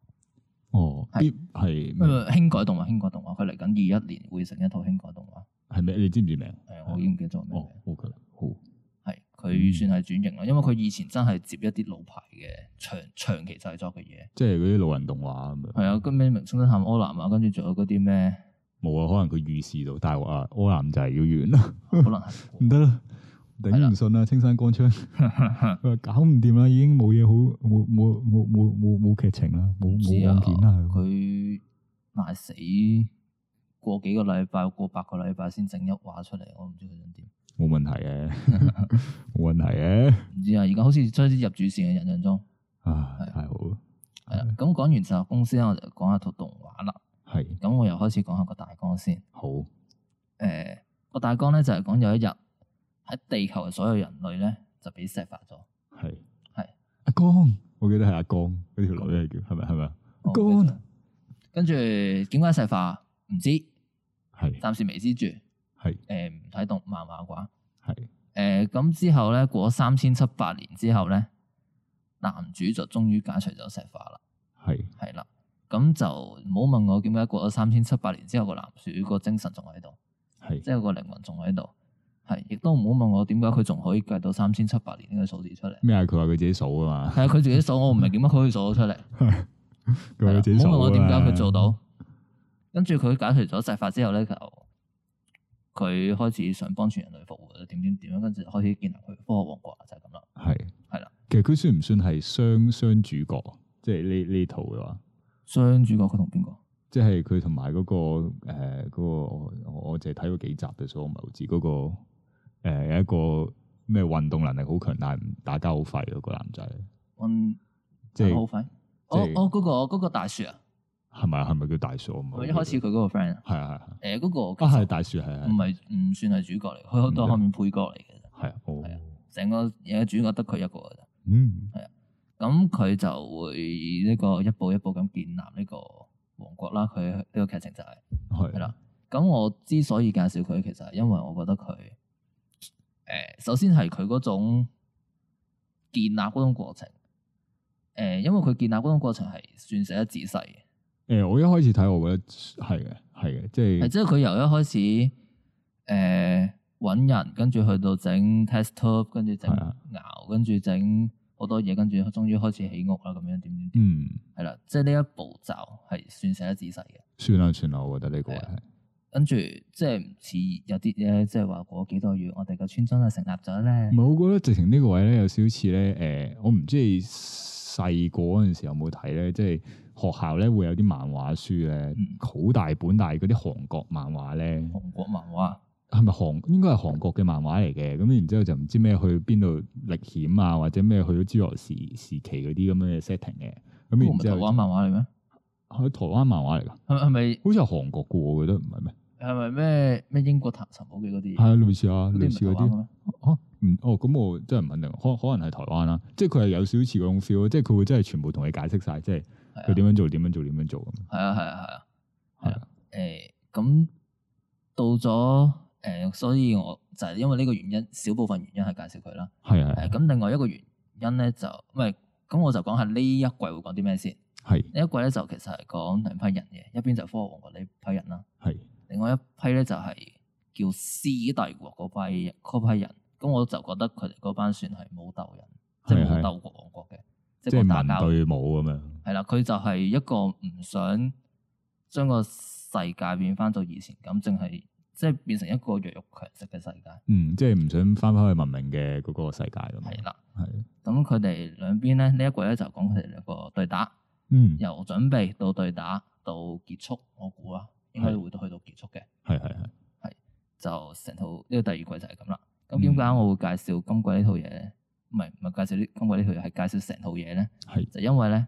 哦，係咩是、嗯？輕改動畫、輕改動畫，佢嚟緊二一年會成一套輕改動畫，係咪？你知唔知名、嗯？我已經唔記得咗名，哦。okay，好。佢算係轉型啦，因為佢以前真係接一啲老牌嘅長長期製作嘅嘢，即係嗰啲老人動畫咁樣。係啊，跟住《名偵探柯南》啊，跟住仲有嗰啲咩？冇啊，可能佢預示到，但係柯南就係要完啦。可能唔得啦，頂唔順啦，《 青山光槍》 搞唔掂啦，已經冇嘢好冇冇冇冇冇冇劇情啦，冇冇影片啦。佢捱死過幾個禮拜，過八個禮拜先整一畫出嚟，我唔知佢想點。冇問題嘅，冇問題嘅。唔知啊，而家好似出啲入主綫嘅印象中，啊，係太好啦。係啦，咁講完實業公司咧，我就講下套動畫啦。係，咁我又開始講下個大綱先。好，誒，個大綱咧就係講有一日喺地球嘅所有人類咧就俾石化咗。係，係阿江，我記得係阿江嗰條女係叫，係咪係咪啊？阿江，跟住點解石化？唔知，係暫時未知住。係誒，唔睇是、呃、動漫畫啩？話，係誒是，咁、呃、之後咧，過咗三千七百年之後咧，男主就終於解除咗石化啦。係係啦，咁就唔好問我點解過咗三千七百年之後個男主個精神仲喺度，係是即係個靈魂仲喺度，係亦都唔好問我點解佢仲可以計到三千七百年呢個數字出嚟。咩啊？佢話佢自己數啊嘛？係啊，佢自己數，我唔明點解佢可以數得出嚟。佢唔好問我點解佢做到。跟住佢解除咗石化之後咧，就。佢開始想幫全人類服務，點點點，跟住開始建立佢科學王國，就係咁啦。係係啦，的其實佢算唔算係雙雙主角？即係呢呢套嘅話，雙主角佢同邊個？即係佢同埋嗰個誒嗰個，我我淨係睇過幾集嘅，所以我唔係好知嗰個誒有、呃、一個咩運動能力好強，但打交好快嗰個男仔。即係好快，即係我我嗰個嗰個大樹啊！係咪係咪叫大嫂？啊？咪一開始佢嗰個 friend 係是啊係、欸，誒、那、嗰個不係大叔係，唔係唔算係主角嚟，佢好多後面配角嚟嘅，係哦，係啊，成、哦啊、個有主角得佢一個嘅啫，嗯，係啊，咁佢就會呢個一步一步咁建立呢個王國啦，佢呢個劇情就係係啦，咁是、啊啊、我之所以介紹佢，其實係因為我覺得佢誒、呃，首先係佢嗰種建立嗰種過程，誒、呃，因為佢建立嗰種過程係算寫得仔細誒、欸，我一開始睇，我覺得係嘅，係嘅，即、就、係、是。即係佢由一開始誒揾、呃、人，跟住去到整 test tube，跟住整熬，跟住整好多嘢，跟住終於開始起屋啦，咁樣點點點。嗯，係啦，即係呢一步驟係算寫得仔細嘅。算啦，算啦，我覺得呢個位係。跟住即係唔似有啲咧，即係話過幾多月，我哋個村莊都成立咗咧。唔係，我覺得直情呢個位咧有少少似咧誒，我唔知細個嗰陣時有冇睇咧，即係。學校咧會有啲漫畫書咧，好大本，但係嗰啲韓國漫畫咧。韓國漫畫啊？係咪韓？應該係韓國嘅漫畫嚟嘅。咁然之後就唔知咩去邊度歷險啊，或者咩去咗侏羅時時期嗰啲咁嘅 setting 嘅。咁然之後就，是是漫畫嚟咩？係、啊、台灣漫畫嚟噶？係係咪？好似係韓國嘅，我覺得唔係咩。係咪咩咩英國探險嗰啲？係啊類似啊類似嗰啲。啊哦咁我真係唔肯定，可可能係台灣啦。即係佢係有少少似嗰種 feel 即係佢會真係全部同你解釋晒，即係。佢點樣做？點樣做？點樣做咁？係啊，係啊，係啊，係啊。誒、啊，咁、欸、到咗誒、呃，所以我就係、是、因為呢個原因，少部分原因係介紹佢啦。係啊，係、欸。咁另外一個原因咧，就唔係咁，嗯、我就講下呢一季會講啲咩先。係呢、啊、一季咧，就其實係講兩批人嘅，一邊就科學王國呢批人啦，係、啊。另外一批咧就係叫司帝國嗰批嗰批人，咁我就覺得佢哋嗰班算係冇鬥人，啊、即係冇鬥過王國嘅。即係文對武咁樣，係啦，佢就係一個唔想將個世界變翻到以前咁，淨係即係變成一個弱肉強食嘅世界。嗯，即係唔想翻翻去文明嘅嗰個世界咁。係啦的，係的。咁佢哋兩邊咧，呢一季咧就講佢哋兩個對打。嗯。由準備到對打到結束，我估啊，應該會去到結束嘅。係係係。係的就成套呢、這個第二季就係咁啦。咁點解我會介紹今季呢套嘢咧？介紹呢今日呢條係介紹成套嘢咧，是就因為咧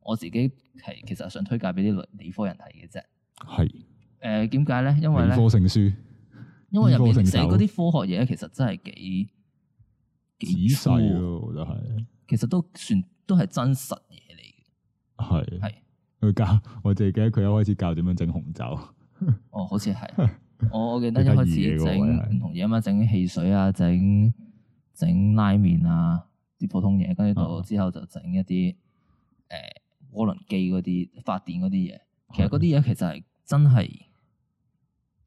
我自己係其實想推介俾啲理科人睇嘅啫。係是，誒、呃，點解咧？因為咧，理科成書因為入邊寫嗰啲科學嘢其實真係幾幾細粗咯，我覺得係，其實都算都係真實嘢嚟嘅。係係佢教，我淨係記得佢一開始教點樣整紅酒。 哦，好似係，我 我記得一開始整唔同嘢啊嘛，整汽水啊，整整拉麵啊。啲普通嘢，跟住到之後就整一啲誒、呃、渦輪機嗰啲發電嗰啲嘢，其實嗰啲嘢其實係真係，的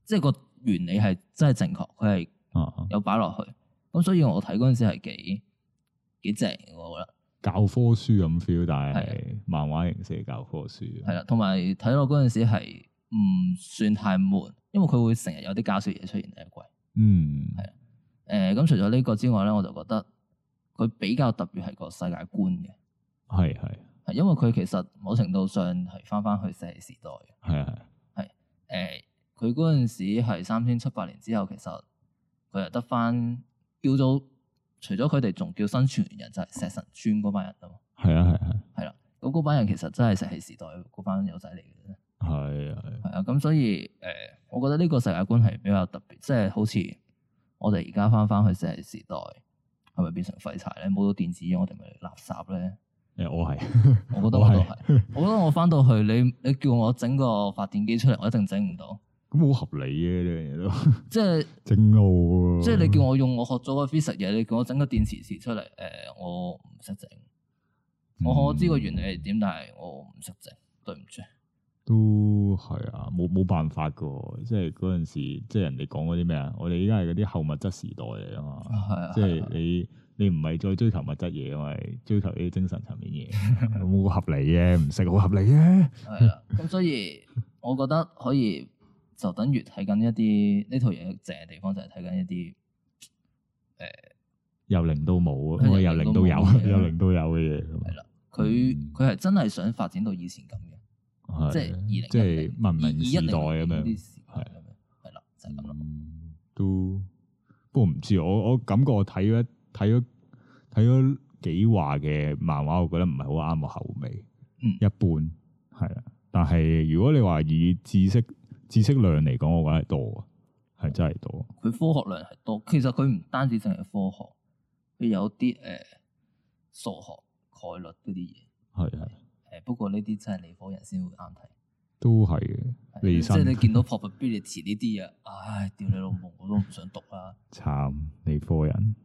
即係個原理係真係正確，佢係有擺落去。咁的所以我睇嗰陣時係幾幾正，我覺得。教科書咁 feel，但係係漫畫形式嘅教科書。係啦，同埋睇落嗰陣時係唔算太悶，因為佢會成日有啲搞笑嘢出現喺度。嗯，係啦。咁、呃、除咗呢個之外咧，我就覺得。佢比較特別係個世界觀嘅，係係係，因為佢其實某程度上係翻翻去石器時代嘅，係啊係，誒佢嗰陣時係三千七百年之後，其實佢又得翻叫做除咗佢哋仲叫生存人，就係、是、石神村嗰班人咯，係啊係啊係啦，咁嗰班人其實真係石器時代嗰班友仔嚟嘅，係係係啊，咁所以誒、呃，我覺得呢個世界觀係比較特別，即、就、係、是、好似我哋而家翻翻去石器時代。係咪變成廢柴咧？冇到電子、嗯，我哋咪垃圾咧。誒， 我係，我覺得我都係。我覺得我翻到去，你你叫我整個發電機出嚟，我一定整唔到。咁好合理嘅呢樣嘢都。即係是整到。即係你叫我用我學咗個 physics 嘢，你叫我整個電池池出嚟，誒、呃，我唔識整。嗯、我我知個原理係點，但係我唔識整，對唔住。都係啊，冇冇辦法噶，即係嗰陣時，即係人哋講嗰啲咩啊？我哋依家係嗰啲後物質時代嚟啊嘛，即係你你唔係再追求物質嘢，係追求啲精神層面嘢，好 合理嘅，唔食好合理嘅。係啦、啊，咁所以我覺得可以就等於睇緊一啲呢套嘢正嘅地方就，就係睇緊一啲誒由零到冇啊，由零,零到有，由、啊、零到有嘅嘢。係啦、啊，佢佢係真係想發展到以前咁嘅。即係二零，即係文明時代咁樣，係係啦，就係咁啦。都不過唔知我我感覺，我睇咗睇咗睇咗幾話嘅漫畫，我覺得唔係好啱我口味，嗯、一般，係啦。但係如果你話以知識知識量嚟講，我覺得係多啊，係真係多的。佢科學量係多，其實佢唔單止淨係科學，佢有啲誒數學概率嗰啲嘢，係係。誒，不過呢啲真係理科人先會啱睇，都係嘅。的心即係你見到 probability 呢啲嘢，唉，屌你老母，我都唔想讀啦，啊。慘， 理科人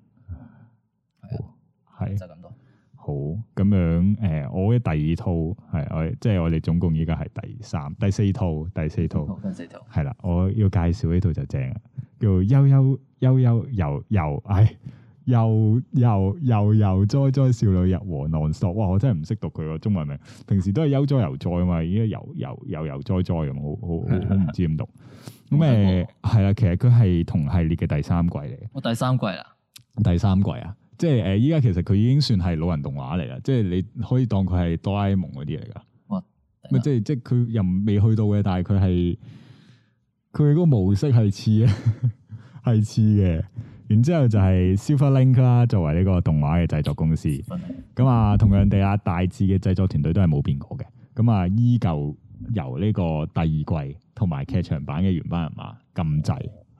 係就咁多。好，咁樣誒、呃，我嘅第二套係我即係我哋總共依家係第三、第四套、第四套。嗯、第四套係啦，我要介紹呢套就正啦，叫悠悠悠悠游游，唉。又又又又再再少女日和 non-stop。哇！我真係唔識讀佢個中文名，平時都係悠哉悠哉嘛，而家悠悠悠悠哉哉咁，好好好唔知點讀咁誒，係啦，其實佢係同系列嘅第三季嚟，我第三季啦，第三季啊，即係誒，而、呃、家其實佢已經算係老人動畫嚟噶，即係你可以當佢係哆啦 A 夢嗰啲嚟噶，即係即係佢又未去到嘅，但係佢係佢嗰個模式係似啊，係似嘅。然之後就係 Silverlink 啦，作為呢個動畫嘅製作公司。咁、嗯、啊，同樣地啊，大致嘅製作團隊都係冇變過嘅。咁啊，依舊由呢個第二季同埋劇場版嘅原班人馬禁制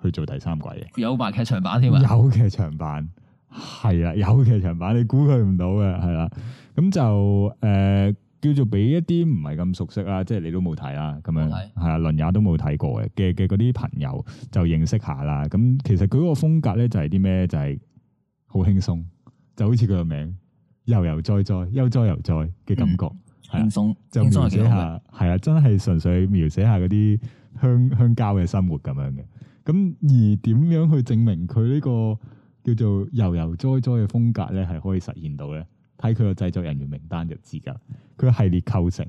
去做第三季嘅。有埋劇場版添啊，啊！有劇場版係啊，有劇場版你估佢唔到嘅係啦。咁、啊、就誒。呃叫做俾一啲唔係咁熟悉，就是 oh, 啊，即係你都冇睇啦，咁樣，係啊，倫也都冇睇過嘅嘅嘅嗰啲朋友就認識下啦。咁其實佢個風格咧就係啲咩？就係、是、好、就是、輕鬆，就好似佢個名，「悠悠哉哉」、「悠哉悠哉」嘅感覺，嗯啊、輕鬆，就描寫下，係啊，真係純粹描寫下嗰啲鄉鄉郊嘅生活咁樣嘅。咁而點樣去證明佢呢、這個叫做「悠悠哉哉」嘅風格咧，係可以實現到咧？睇佢個製作人員名單就知噶，佢嘅系列構成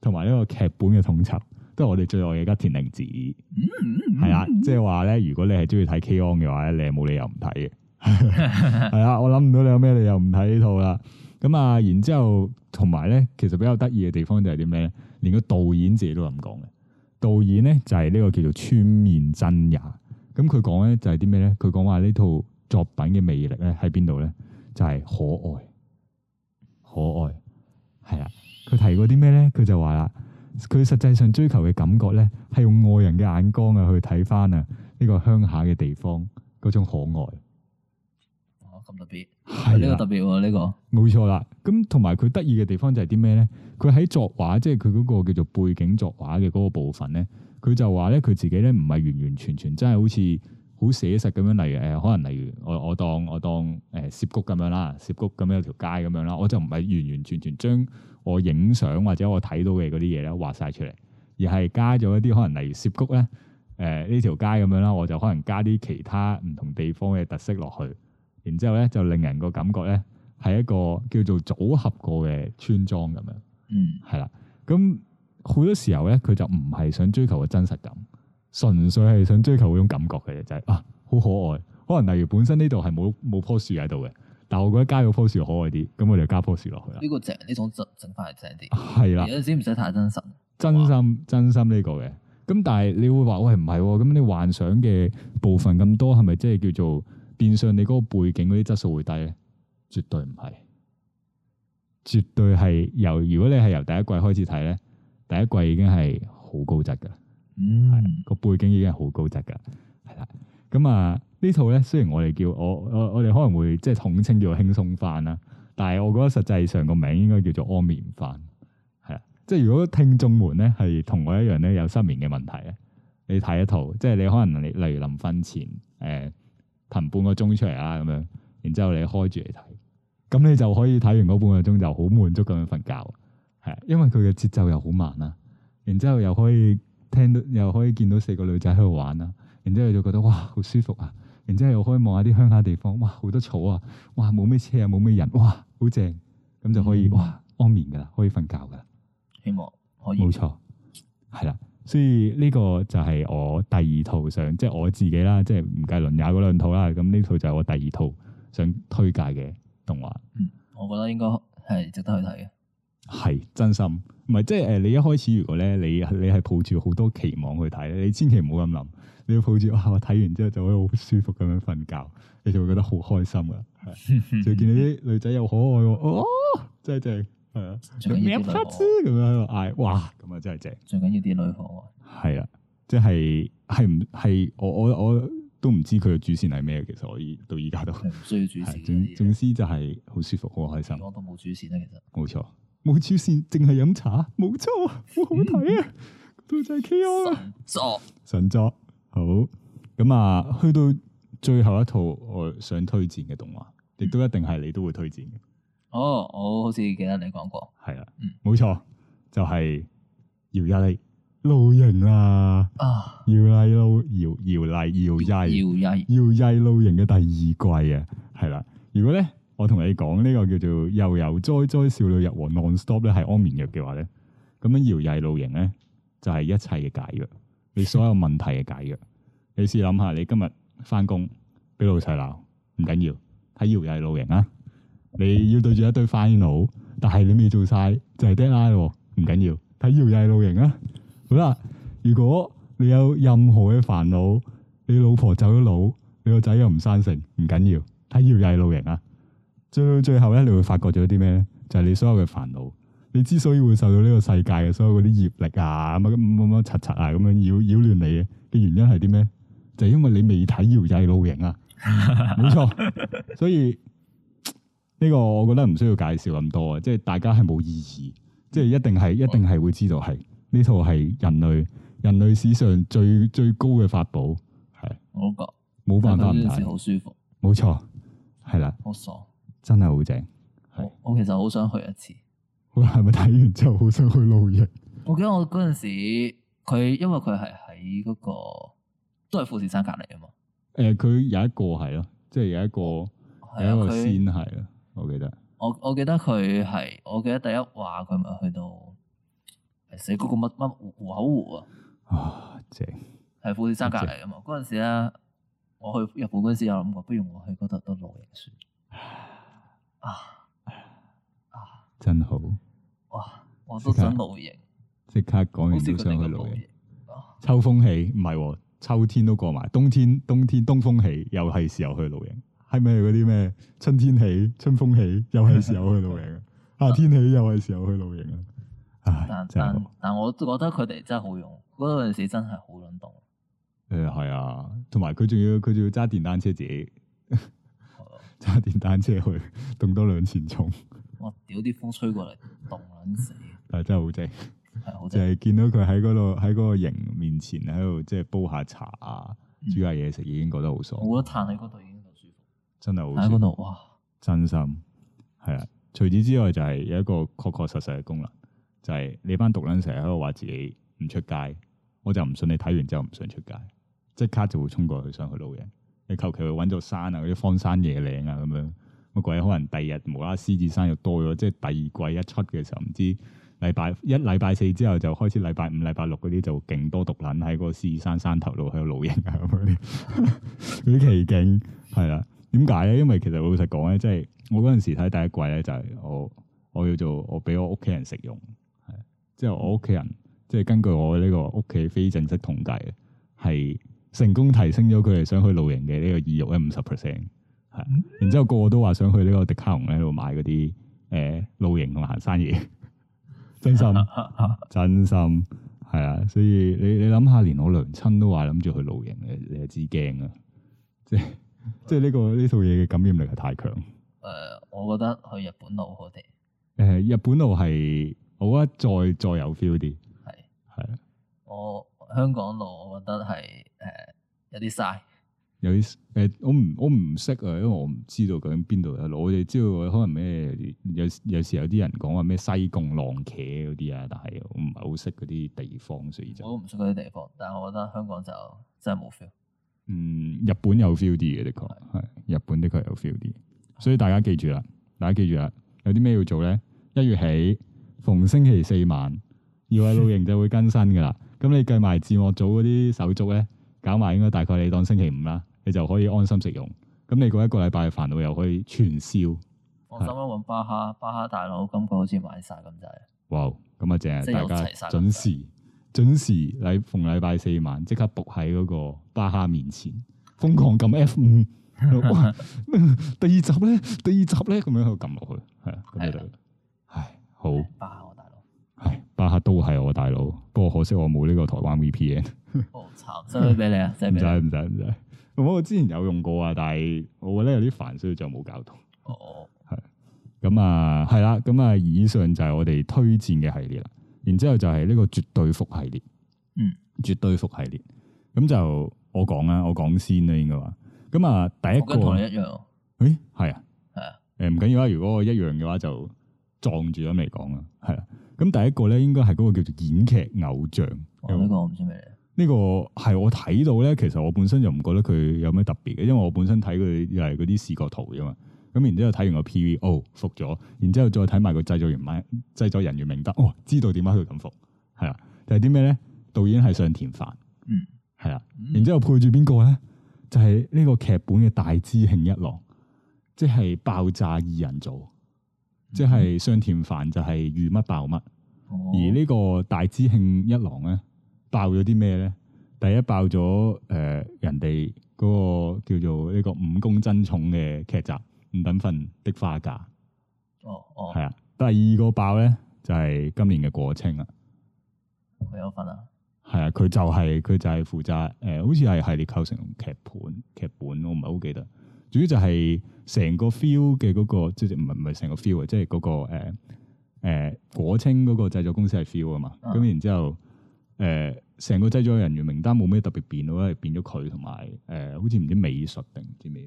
同埋呢個劇本嘅統籌都係我哋最愛嘅吉田玲子。係啊，即係話咧，如果你係中意睇《K-ON》嘅話咧，你係冇理由唔睇嘅。係 啊，我諗唔到你有咩理由唔睇呢套啦。咁啊，然之後同埋咧，其實比較得意嘅地方就係啲咩咧？連個導演自己都咁講嘅。導演咧就係呢個叫做川面真也。咁佢講咧就係啲咩咧？佢講話呢套作品嘅魅力咧喺邊度咧？就係可愛。可愛係啦，佢、啊、提過啲咩咧？佢就話啦，佢實際上追求嘅感覺咧，係用外人嘅眼光啊去睇翻啊呢、這個鄉下嘅地方嗰種可愛哦，咁特別係呢、啊、個特別呢、啊這個冇錯啦。咁同埋佢得意嘅地方就係啲咩咧？佢喺作畫，即係佢嗰個叫做背景作畫嘅嗰個部分咧，佢就話咧佢自己咧唔係完完全全真係好似。好寫實咁樣，例如誒、呃，可能例如我我當我當誒涉、呃、谷咁樣啦，涉谷咁樣有條街咁樣啦，我就唔係完完全全將我影相或者我睇到嘅嗰啲嘢咧畫晒出嚟，而係加咗一啲可能例如涉谷咧，誒呢條街咁樣啦，我就可能加啲其他唔同地方嘅特色落去，然之後咧就令人個感覺咧係一個叫做組合過嘅村莊咁樣，嗯，係啦，咁好多時候咧佢就唔係想追求個真實感。純粹係想追求嗰種感覺嘅，就係、是、啊，好可愛。可能例如本身呢度係冇冇棵樹喺度嘅，但係我覺得加咗棵樹可愛啲，咁我哋就加棵樹落去啦。呢個正，呢種整整法係正啲。係啦的，有陣時唔使太真實真心。哇真心，真心呢個嘅。咁但係你會話喂唔係？咁、哦、你幻想嘅部分咁多，係咪即係叫做變相你嗰個背景嗰啲質素會低咧？絕對唔係，絕對係由如果你係由第一季開始睇咧，第一季已經係好高質噶。嗯，係個背景已經係好高質噶，係啦。咁啊，呢套咧雖然我哋叫我我我哋可能會即係統稱叫做輕鬆番啦，但係我覺得實際上個名應該叫做安眠番係啊。即係如果聽眾們咧係同我一樣咧有失眠嘅問題咧，你睇一套，即係你可能你例如臨瞓前誒，騰、呃、半個鐘出嚟啊咁樣，然之後你開住嚟睇，咁你就可以睇完嗰半個鐘就好滿足咁樣瞓覺係，因為佢嘅節奏又好慢啦，然之後又可以。聽到又可以見到四個女仔喺度玩啦，然之後就覺得哇好舒服啊！然之後又可以望下啲鄉下地方，哇好多草啊，哇冇咩車啊，冇咩人，哇好正！咁就可以、嗯、哇安眠噶啦，可以瞓覺噶啦。希望可以。冇錯，係啦。所以呢個就係我第二套想即係我自己啦，即係唔計倫友嗰兩套啦。咁呢套就係我第二套想推介嘅動畫。嗯，我覺得應該係值得去睇嘅。係真心，唔係即係誒。你一開始如果咧，你你係抱住好多期望去睇咧，你千祈唔好咁諗。你要抱住，哇！我睇完之後就可以好舒服咁樣瞓覺，你就會覺得好開心噶。 就見啲女仔又可愛，哦，真係正係啊，名法子咁樣喺度嗌，哇！咁啊，真係正。最緊要啲女可愛，係啊，即係係唔係？我我我都唔知佢嘅主線係咩。其實我到而家都唔需要主線總。總之就係好舒服，好開心。我都冇主線啊，其實冇錯。冇主線，淨係飲茶，冇錯，好好睇啊！嗰套、嗯、就係《K.O. 作》啊，作神作，好咁啊，去到最後一套我想推薦嘅動畫，嗯、亦都一定係你都會推薦嘅。哦，我好似記得你講過，係啦、啊，冇錯、嗯，就係、是啊《搖曳、啊、露營》啦，《搖曳露搖搖曳搖曳搖曳搖曳露營》嘅第二季啊，係啦、啊，如果咧。我同你講呢個叫做悠悠哉哉少女日和 non stop 咧，係安眠藥嘅話咧，咁樣搖曳露營咧就係一切嘅解藥，你所有問題嘅解藥。你試諗下，你今日翻工，俾老細鬧唔緊要，睇搖曳露營啊。你要對住一堆煩惱，但係你未做晒就係 deadline 唔緊要，睇搖曳露營啊。好啦，如果你有任何嘅煩惱，你老婆走咗佬，你個仔又唔生性，唔緊要，睇搖曳露營啊。最到最後咧，你會發覺咗啲咩咧？就係、是、你所有嘅煩惱，你之所以會受到呢個世界嘅所有嗰啲業力啊，乜啊咁啊，乜乜乜柒柒啊，咁樣擾擾亂你嘅原因係啲咩？就係、是、因為你未睇搖曳露營啊，冇錯， 所以呢、這個我覺得唔需要介紹咁多啊，即係大家係冇意義，即係一定係一定係會知道係呢套係人類人類史上最最高嘅法寶，係我都覺冇辦法唔睇，好舒服，冇錯，係啦，好爽。真係好正，係我，我其實好想去一次。我係咪睇完之後好想去露營？我記得我嗰陣時，佢因為佢係喺嗰個都係富士山隔籬啊嘛。誒、欸，佢有一個係咯，即係有一個、啊、有一個先係咯。我記得，我我記得佢係我記得第一話佢咪去到死嗰個乜乜河口湖啊？哇，正係富士山隔籬啊嘛！嗰陣正時咧，我去日本嗰陣時有諗過，不如我去嗰度都露營算。啊真好哇！我都想露營，即刻講完都想去露營。露營秋風起唔係，秋天都過埋，冬天冬天東風起又係時候去露營，係咪嗰啲咩春天起春風起又係時候去露營，夏、 啊、天起又係時候去露營啊但好！但但我都覺得佢哋真係好用，嗰陣時真係好凍。誒，係啊，同埋佢仲要佢仲要揸電單車自己。 揸電單車去凍多兩錢重，哇，屌啲風吹過嚟凍卵死， 但係真係好正，係好正，就係見到佢喺嗰度喺個營面前喺度即係煲下茶啊，煮下嘢食，嗯、已經覺得好爽，我覺得嘆喺嗰度已經好舒服，嗯、真係好喺嗰度，哇真心係啊。除此之外就係有一個確確實實嘅功能，就係、是、你班獨卵成日喺度話自己唔出街，我就唔信你睇完之後唔想出街，即刻就會衝過去上去撈嘢。你求其去搵座山啊，嗰啲荒山野嶺啊，咁樣乜鬼？可能第日冇啦，獅子山又多咗，即係第二季一出嘅時候，唔知禮拜一禮拜四之後就開始，禮拜五、禮拜六嗰啲就勁多毒撚喺嗰個獅子山山頭度喺度露營啊，咁樣嗰啲 奇景係啦。點解咧？因為其實老實講咧，即係我嗰陣時睇第一季咧，就係、是、我我要做，我俾我屋企人食用，係即係我屋企人，即係根據我呢個屋企非正式統計係。成功提升咗佢哋想去露營嘅呢個意欲喺五十 percent，係，然之後個個都話想去呢個迪卡儂喺度買嗰啲誒露營同行山嘢，真心， 真心係啊！所以你你諗下，連我娘親都話諗住去露營嘅，你就知驚啊！即係即係呢個呢、嗯、套嘢嘅感染力係太強。誒、呃，我覺得去日本路好啲。誒，日本路係，我覺得再再有 feel 啲。係係對，的我。香港路，我覺得係誒有啲嘥，有啲誒、呃、我唔我唔識啊，因為我唔知道究竟邊度有路。我哋知道可能咩有有時有啲人講話咩西貢浪茄嗰啲啊，但係我唔係好識嗰啲地方，所以就我唔識嗰啲地方。但係我覺得香港就真係冇 feel。嗯，日本有 feel 啲嘅，的確係的日本的確有 feel 啲。所以大家記住啦，大家記住啦，有啲咩要做咧？一月起逢星期四晚，搖曳露營就會更新噶啦。 咁你計埋字幕組嗰啲手足咧，搞埋應該大概你當星期五啦，你就可以安心食用。咁你過一個禮拜嘅煩惱又可以全消。放心啦，搵巴哈，的巴哈大佬感覺好似買曬咁滯。哇！咁啊正，大家準時準時禮逢禮拜四晚，即刻仆喺嗰個巴哈面前，瘋狂撳 F 五。 第二集咧，第二集咧，咁樣喺度撳落去，係啊，咁就的唉好。係巴克都係我大佬，不過可惜我冇呢個台灣 VPN。我操，send 俾你啊！唔使唔使唔使，我之前有用過啊，但係我覺得有啲煩，所以就冇搞到。哦哦、oh, oh.，係咁啊，係啦，咁啊，以上就係我哋推薦嘅系列啦。然之後就係呢個絕對伏系列，嗯，絕對伏系列。咁就我講啊，我講先啦，應該話咁啊。第一個同你一樣，誒、欸，係啊係啊，誒唔緊要啊、欸。如果我一樣嘅話，就撞住咗未講啊，係啊。咁第一個咧，應該係嗰個叫做演劇偶像。呢哇、呢個我唔知咩嚟。呢個係我睇到咧，其實我本身就唔覺得佢有咩特別嘅，因為我本身睇佢又係嗰啲視覺圖啫嘛。咁然之後睇完個 P V O，哦，服咗，然之後再睇埋個製作員、製作人員明德，哦，知道點解佢咁服，係啦。但係啲咩咧？導演係上田繁，嗯，係啦的。嗯，然之後配住邊個咧？就係、是、呢個劇本嘅大知慶一郎，即係爆炸二人組。嗯、即係香田凡就係遇乜爆乜，哦、而呢個大知慶一郎咧爆咗啲咩咧？第一爆咗誒、呃、人哋嗰、那個叫做呢、這個五公爭寵嘅劇集《五等份的花嫁》哦，哦哦，係啊。第二個爆咧就係、是、今年嘅過清、哦哦、啊，佢有份啊，係啊，佢就係佢就係負責誒，好似係系列構成劇本，劇本我唔係好記得。主要就係成個 feel 嘅，嗰個，即係唔係唔係成個 feel 啊，即、就、係、是嗰個誒誒、呃呃、果青個製作公司係 feel 啊嘛。咁、嗯、然之後誒成、呃、個製作人員名單冇咩特別變咯，因為變咗佢同埋誒好似唔知美術定唔知咩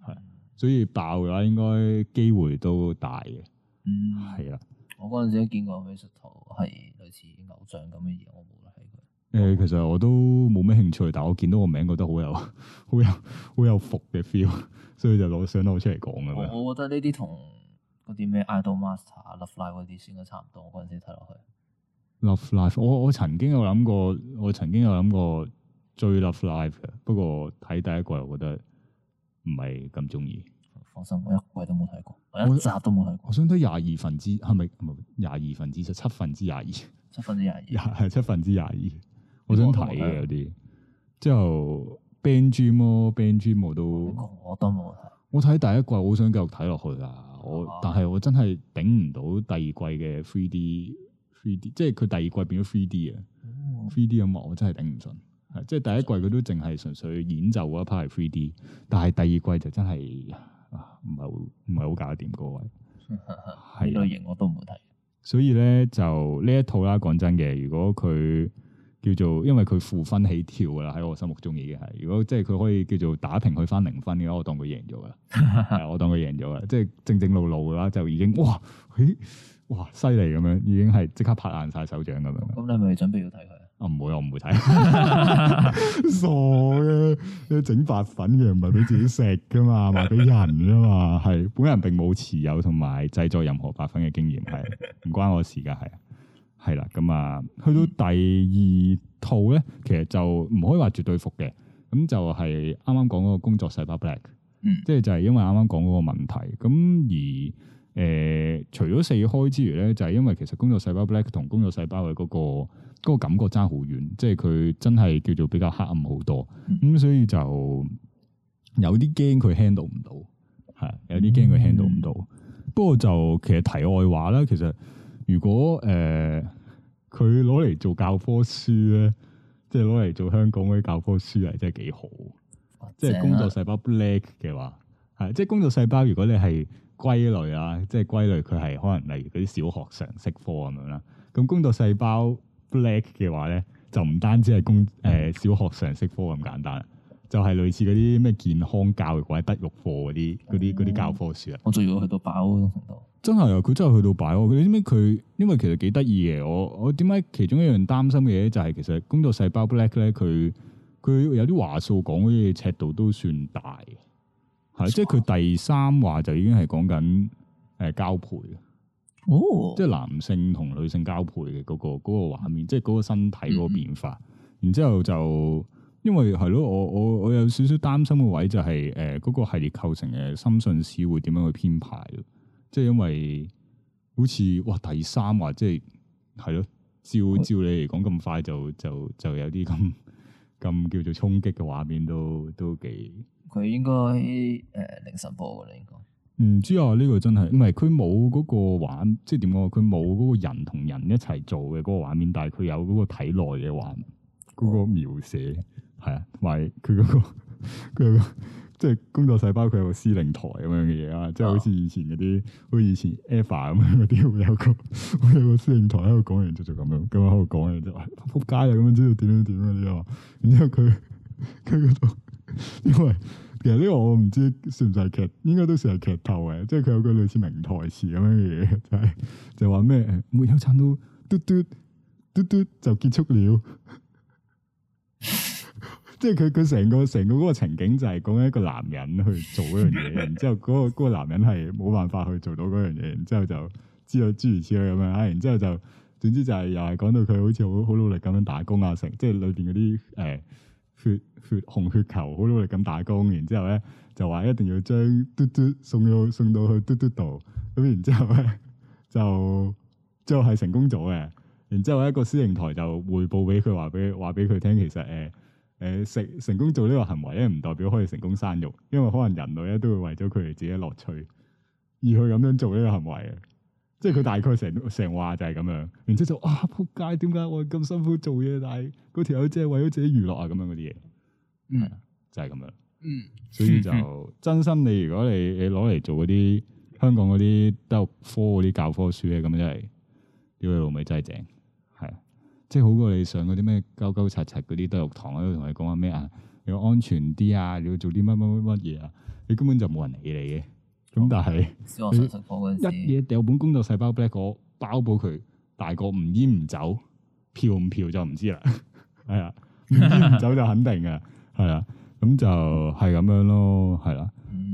係，嗯，所以爆嘅話應該機會都大嘅。嗯，係啦的。我陣時都見過美術圖，係類似偶像咁嘅嘢，我冇。誒，其實我都冇咩興趣，但係我見到個名覺得好有、好有、好有伏嘅 feel，所以就攞相攞出嚟講嘅。我我覺得呢啲同嗰啲咩 Idol Master、Love Life 嗰啲先咁差唔多。我嗰陣時睇落去 Love Life，我我曾經有諗過，我曾經有諗過追 Love Life 嘅，不過睇第一季我覺得唔係咁中意。放心，我一季都冇睇過，我一集都冇睇過我。我想睇廿二分之，係咪唔係廿二分之，就七分之廿二，七分之廿二，廿係七分之廿二。我想睇啊，有啲，之後《Band Dream》咯，《Band Dream》我都我都冇睇。我睇第一季，好想繼續睇落去啊！我、哦、但係我真係頂唔到第二季嘅 three D three D，即係佢第二季變咗 three D 啊！three D 咁啊，我真係頂唔順，即係第一季佢都淨係純粹演奏一 part 係 three D，但係第二季就真係唔係唔係好搞掂各位。呢類型我都唔冇睇。所以咧，就呢一套啦，講真嘅，如果佢。叫做，因為佢負分起跳噶啦，喺我心目中已經係。如果即係佢可以叫做打平佢返零分嘅話，我當佢贏咗噶啦。我當佢贏咗噶啦，即係正正路路噶啦就已經哇，咦，哇，犀利咁樣，已經係即刻拍爛晒手掌咁樣。咁你咪準備要睇佢啊？唔會，我唔會睇。 傻嘅，你整白粉嘅唔係俾自己食噶嘛，賣俾 人噶嘛，係本人並冇持有同埋製作任何白粉嘅經驗，係唔 關我的事噶，係。係啦，咁啊，嗯、去到第二套咧，其實就唔可以話絕對伏嘅，咁就係啱啱講嗰個工作細胞 black，即係、嗯、就係因為啱啱講嗰個問題，咁而誒、呃、除咗四開之馀咧，就係、是、因為其實工作細胞 black 同工作細胞嘅、那、嗰個、嗰個感覺差好遠，即係佢真係叫做比較黑暗好多，咁、嗯嗯、所以就有啲驚佢 handle 唔到，係有啲驚佢 handle 唔到，嗯、不過就其實題外話啦，其實。如果誒佢攞嚟做教科書咧，即係攞嚟做香港嗰啲教科書啊，真係幾好。即係工作細胞 Black 嘅話，係即係工作細胞。如果你係歸類啊，即係歸類佢係可能例如嗰啲小學常識科咁樣啦。咁工作細胞 Black 嘅話咧，就唔單止係工誒小學常識科咁簡單，就係、是、類似嗰啲咩健康教育或者德育課嗰啲嗰啲啲教科書啦。我仲要去到飽都唔真係啊！佢真係去到擺我，你知唔知佢？因為其實幾得意嘅。我我點解其中一樣擔心嘅嘢就係，其實工作細胞 black 咧，佢佢有啲話數講啲尺度都算大，係 即係佢第三話就已經係講緊誒交配，哦，oh. 即係男性同女性交配嘅嗰個嗰、嗰個畫面，即係嗰個身體嗰個變化。Mm hmm. 然之後就因為係咯，我我我有少少擔心嘅位就係誒嗰個系列構成嘅新順序會點樣去編排。即係因為好似哇第三話、啊、即係係咯，照照你嚟講咁快就就就有啲咁咁叫做衝擊嘅畫面都都幾。佢應該誒凌晨播啦，應該。唔、嗯、知啊，呢、這個真係唔係佢冇嗰個畫，即係點講？佢冇嗰個人同人一齊做嘅嗰個畫面，但係佢有嗰個體內嘅畫，嗰、那個描寫係、嗯、啊，同埋佢個佢個。即係工作細胞，佢有個司令台咁樣嘅嘢啊！即係好似以前嗰、e、啲，好似以前 Eva 咁樣嗰啲，會有個會有個司令台喺度講完，就做咁樣，咁喺度講嘢就話，撲街啊！咁樣知道點樣點樣啊？然之後佢佢嗰度，因為其實呢個我唔知算唔算劇，應該都算係劇透嘅。即係佢有個類似名台詞咁樣嘅嘢，就係、是、就話咩？誒，沒有撐到嘟嘟嘟嘟就結束了。即係佢佢成個成個嗰個情景就係講一個男人去做嗰樣嘢， 然之後嗰、嗰個、嗰個男人係冇辦法去做到嗰樣嘢，然之後就之後諸如此類咁樣啊。然之後就總之就係又係講到佢好似好好努力咁樣打工啊，成即係裏邊嗰啲誒血血，血紅血球好努力咁打工。然之後咧就話一定要將嘟嘟送到送到去嘟嘟度咁。然之後咧就之後係成功咗嘅。然之後呢一個私營台就匯報俾佢話，俾話俾佢聽，其實誒。呃誒，成成功做呢個行為咧，唔代表可以成功生育，因為可能人類咧都會為咗佢哋自己樂趣而去咁樣做呢個行為啊！即係佢大概成成話就係咁樣，然之後就啊，扑街，點解我咁辛苦做嘢，但係嗰條友只係為咗自己娛樂啊！咁樣嗰啲嘢，係啊、嗯，就係、是、咁樣嗯。嗯，所以就、嗯嗯、真心你如果你你攞嚟做嗰啲香港嗰啲德育科嗰啲教科書咧，咁真係屌你老味真係正。即係好過你上嗰啲咩鳩鳩柒柒嗰啲德育堂喺度同你講話咩啊？你要安全啲啊！你要做啲乜乜乜嘢啊？你根本就冇人理你嘅。咁但係，一嘢掉本工作細胞 black 包保佢大個唔煙唔走，漂唔漂就唔知啦。係 啊，唔煙唔走就肯定嘅。係 啦， 咁就係咁樣咯。係啦，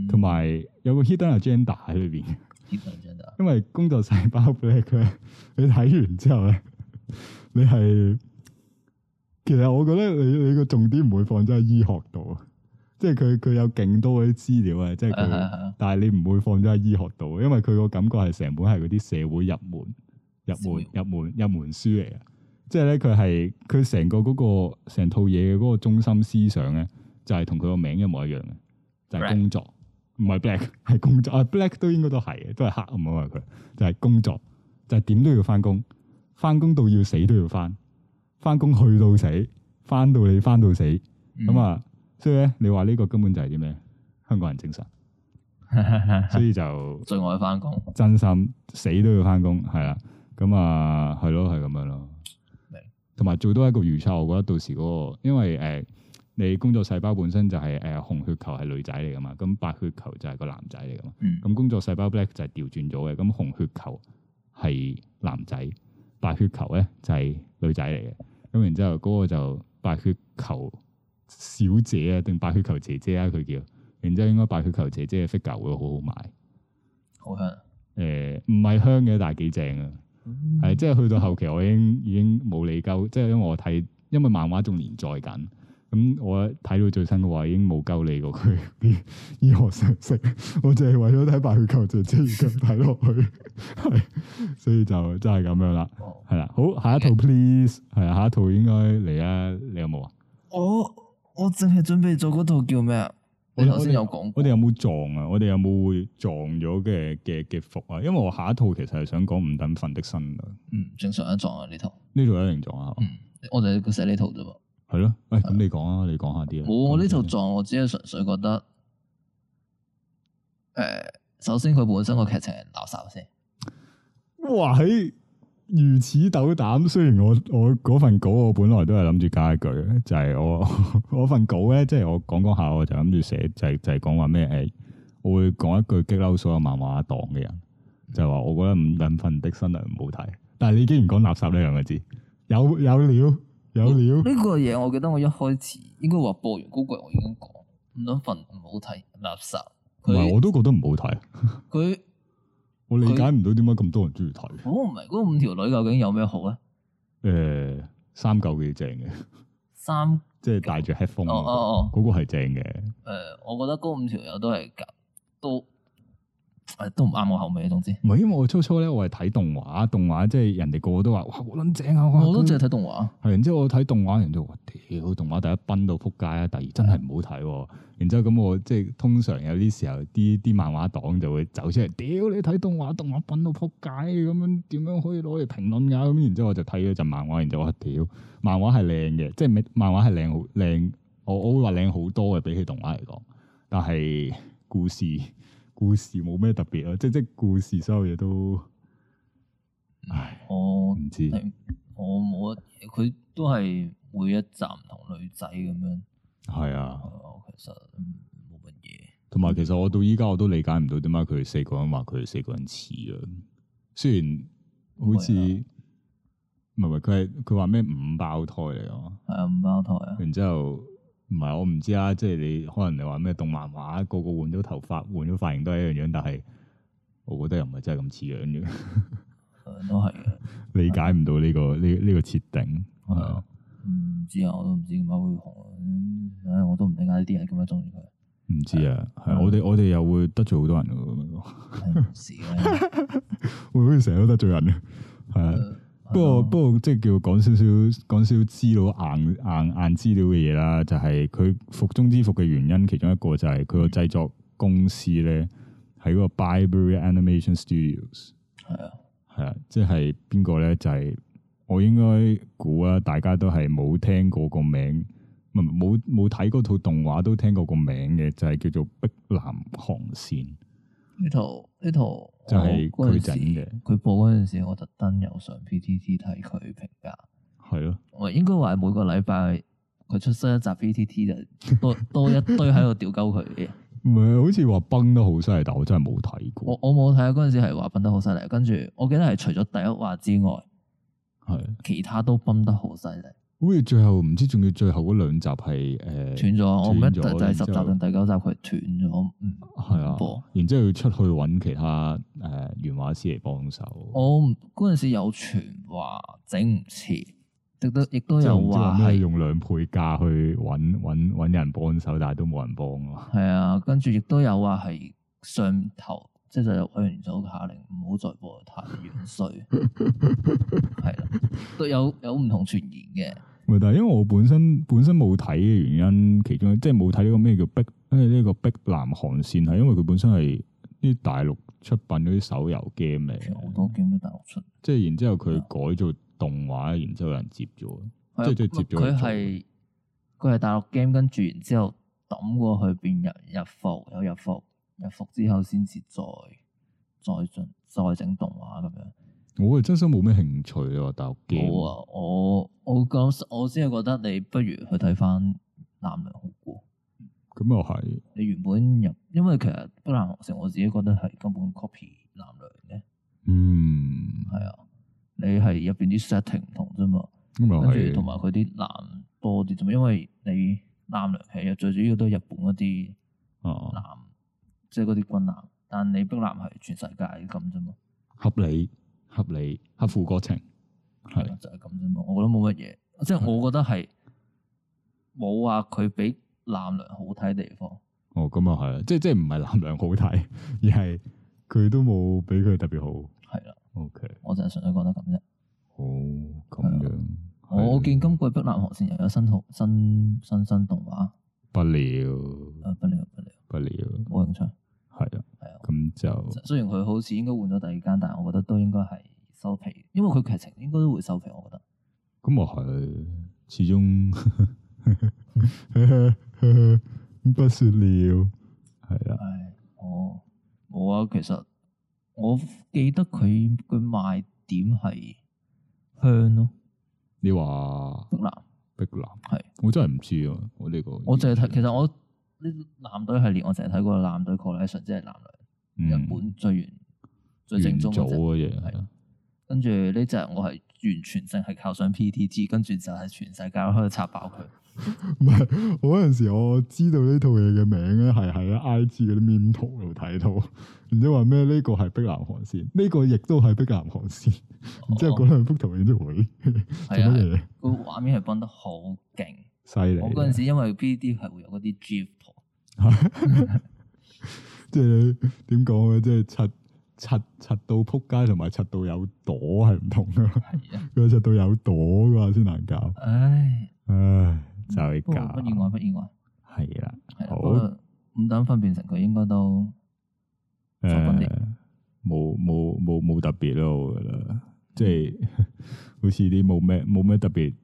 同埋、嗯、有個 hidden agenda 喺裏邊。hidden agenda？因為工作細胞 black 佢，你睇完之後咧。 你係其實我覺得你你個重點唔會放咗喺醫學度啊，即係佢佢有勁多嗰啲資料啊，即係佢， 但係你唔會放咗喺醫學度，因為佢個感覺係成本係嗰啲社會入門、入門、業入門、入門、入門書嚟嘅，即係咧佢係佢成個嗰、嗰個成套嘢嘅嗰個中心思想咧，就係同佢個名一模一樣嘅，就係、係、工作，唔係 Right. black 係工作啊 ，black 應該都應該都係嘅，都係黑暗啊佢就係、係、工作，就係、係、點都要返工。就係翻工到要死都要翻，翻工去到死，翻到你翻到死，咁、嗯、啊，所以咧，你話呢個根本就係啲咩？香港人精神， 所以就最愛翻工，真心死都要翻工，係啦，咁啊，係咯，係咁樣咯。同埋的做多一個預測，我覺得到時嗰、那個，因為誒、呃，你工作細胞本身就係、是、誒、呃、紅血球係女仔嚟噶嘛，咁白血球就係個男仔嚟噶嘛，咁、嗯、工作細胞 Black 就係調轉咗嘅，咁紅血球係男仔。白血球呢就係、是、女仔嚟嘅，咁然之後嗰個就白血球小姐啊，定白血球姐姐啊佢叫，然之後應該白血球姐姐嘅 figure 會好好賣，好香，誒唔係香嘅，但係幾正啊，係、嗯、即係去到後期我已經已經冇理鳩，即係因為我睇，因為漫畫仲連載緊。咁我一睇到最新嘅話，已經冇鳩理過佢，醫學常識？我淨係為咗睇白血球，就即係而家睇落去，所以就真係咁樣啦。係啦，好，下一套 please，係啊，下一套應該嚟啦。你有冇啊？我我淨係準備做嗰套叫咩？我頭先有講。我哋有冇撞啊？我哋有冇會撞咗嘅嘅嘅伏啊？因為我下一套其實係想講五等份的身啊。嗯，正常一撞啊呢套。呢套一定撞啊。嗯，我就要寫呢套啫嘛。係咯，喂，咁、欸嗯、你講啊，嗯、你講下啲啊。我呢套作我只係純粹覺得，呃、首先佢本身個劇情係垃圾先。哇，係如此斗膽！雖然我我份稿我本來都係諗住加一句，就係、是、我我，我份稿咧，即、就、係、是、我講講下，我就諗住寫，就係、是、就係講話咩？誒、欸，我會講一句激嬲所有漫畫黨嘅人，就話、是、我覺得五等份的新娘唔好睇。但係你竟然講垃圾呢兩個字，有有，有料。有料呢個嘢，我記得我一開始應該話播完嗰句，那個，我已經講，唔想瞓，唔好睇，垃圾。唔，我都覺得唔好睇。佢他 我理解唔到點解咁多人中意睇。嗰唔係嗰五條女究竟有咩好咧？誒、呃，三舊幾正嘅？三個 即係戴住 headphone，嗰，哦哦，個係正嘅。誒、呃，我覺得嗰五條友都係都都唔啱我口味，總之。唔係、嗯，因為我初初咧，我係睇動畫，動畫即係人哋個個都話哇好撚正啊、嗯！我都淨係睇動畫。係，然之後我睇動畫，人就話屌動畫第一崩到撲街啊，第二真係唔好睇、啊嗯。然之後咁我即係通常有啲時候，啲啲漫畫黨就會走出嚟，屌你睇動畫，動畫崩到撲街，咁樣點樣可以攞嚟評論啊？咁然之後我就睇咗陣漫畫，然後就話屌漫畫係靚嘅，即係漫畫係靚好靚，我我會話靚好多嘅比起動畫嚟講，但係故事。故事冇咩特別啊，即即故事所有嘢都，唉，我唔知我，我冇，佢都係每一集同女仔咁樣，係啊，其實冇乜嘢。同埋其實我到依家我都理解唔到點解佢哋四個人話佢哋四個人似啊，雖然好似唔係唔係佢係佢話咩五胞胎嚟？啊，係啊五胞胎啊，啊然之後。唔係，我唔知啊。即係你可能你話咩？動漫畫個個換咗頭髮，換咗髮型都係一樣樣，但係我覺得又唔係真係咁似樣嘅。都係嘅。理解唔到呢個呢呢個設定。係啊。唔知啊，我都唔知點解會紅。唉，我都唔理解呢啲人咁樣中意佢。唔知啊，係我哋我哋又會得罪好多人噶喎。係。會唔會成日都得罪人啊。係。不過不過，不過即係叫講少少講少少資料硬硬硬資料嘅嘢啦，就係、是、佢服中之服嘅原因，其中一個就係佢個製作公司咧，喺個 Bibury Animation Studios，係啊，係啊，即係邊個咧？就係、是、我應該估啊，大家都係冇聽過個名，唔冇冇睇嗰套動畫都聽過個名嘅，就係、是、叫做《碧藍航線》。呢套呢套就係佢整嘅，佢播嗰陣時，我特登又上 P T T 睇佢評價，係咯的，我應該話每個禮拜佢出新一集 P T T 就多 多一堆喺度屌鳩佢嘅。唔係好似話崩得好犀利，但我真係冇睇過，我我冇睇啊，嗰陣時係話崩得好犀利，跟住我記得係除咗第一話之外，係的其他都崩得好犀利。好似最後唔知仲要最後嗰兩集係誒斷咗，呃、了了我唔記得就係十集定第九集佢斷咗，嗯係啊，的了然之後要出去揾其他誒、呃、原畫師嚟幫手。我嗰陣時有傳話整唔切，亦都亦都有話係用兩倍價去揾揾揾人幫手，但係都冇人幫啊。係啊，跟住亦都有話係上頭。即係有委員組下令唔好再播太元衰，係啦， 都有有唔同傳言嘅。唔但係因為我本身本身冇睇嘅原因，其中即係冇睇呢個咩叫碧，因為呢個碧藍航線係因為佢本身係啲大陸出品嗰啲手遊 game 嚟，好多 game 都大陸出。即係然之後佢改做動畫，然之後有人接咗，的即係接咗。佢係佢係大陸 game 跟住然之後揼過去變入入服有入服。入入入入入伏之後，先至再再進再整動畫咁樣。我係真心冇咩興趣啊！大學嘅，我我我咁我先係覺得你不如去睇翻《南良》好過。嗯。咁又係你原本入，因為其實《不男學成》，我自己覺得係根本 copy《南良》嘅。嗯，係啊，你係入邊啲 setting 唔同啫嘛。嗯、跟住同埋佢啲男多啲啫嘛？因為你《南良》係又最主要都係日本一啲哦男。啊即係嗰啲軍艦，但你碧藍係全世界咁啫嘛，合理合理，合乎過程係就係咁啫嘛，我覺得冇乜嘢，即係我覺得係冇話佢比艦娘好睇嘅地方。哦，咁啊係，即係即係唔係艦娘好睇，而係佢都冇比佢特別好。係啦，OK，我就係純粹覺得咁啫。好，咁樣，我見今季碧藍航線又有新動新新新動畫，不了，不了不了不了，冇興趣。係啊，咁就雖然佢好似應該換咗第二間，但係我覺得都應該係收皮，因為佢劇情應該都會收皮，我覺得。咁啊係，始終 不說了，係啊，哦，冇啊，其實我記得佢佢賣點係香咯。你話碧藍碧藍係，我真係唔知啊，我呢個我淨係睇，其實我。男隊系列我成日睇過，男隊 collection 即係男女、嗯、日本最原最正宗嘅嘢，係的跟住呢隻我係完全淨係靠上 PTG，跟住就係全世界開拆爆佢。唔係，我嗰陣時我知道呢套嘢嘅名咧，係喺 IG 嗰啲面圖度睇到，然之後話咩呢個係碧藍航線，呢、這個亦都係碧藍航線，然之後嗰兩幅圖片就會係乜嘢？個畫面係崩得好勁，犀利。我嗰陣時因為 PTG 係會有嗰啲 GIF。 即係你點講咧？即係拆拆拆到撲街，同埋拆到有朵係唔同噶。佢 拆到有朵噶話先難搞。唉唉，就係教。不意外，不意外。係啦，啦好。五等、那個、分辨成佢應該都，誒、呃，冇冇冇冇特別咯。即係、嗯、 好似啲冇咩冇咩特別。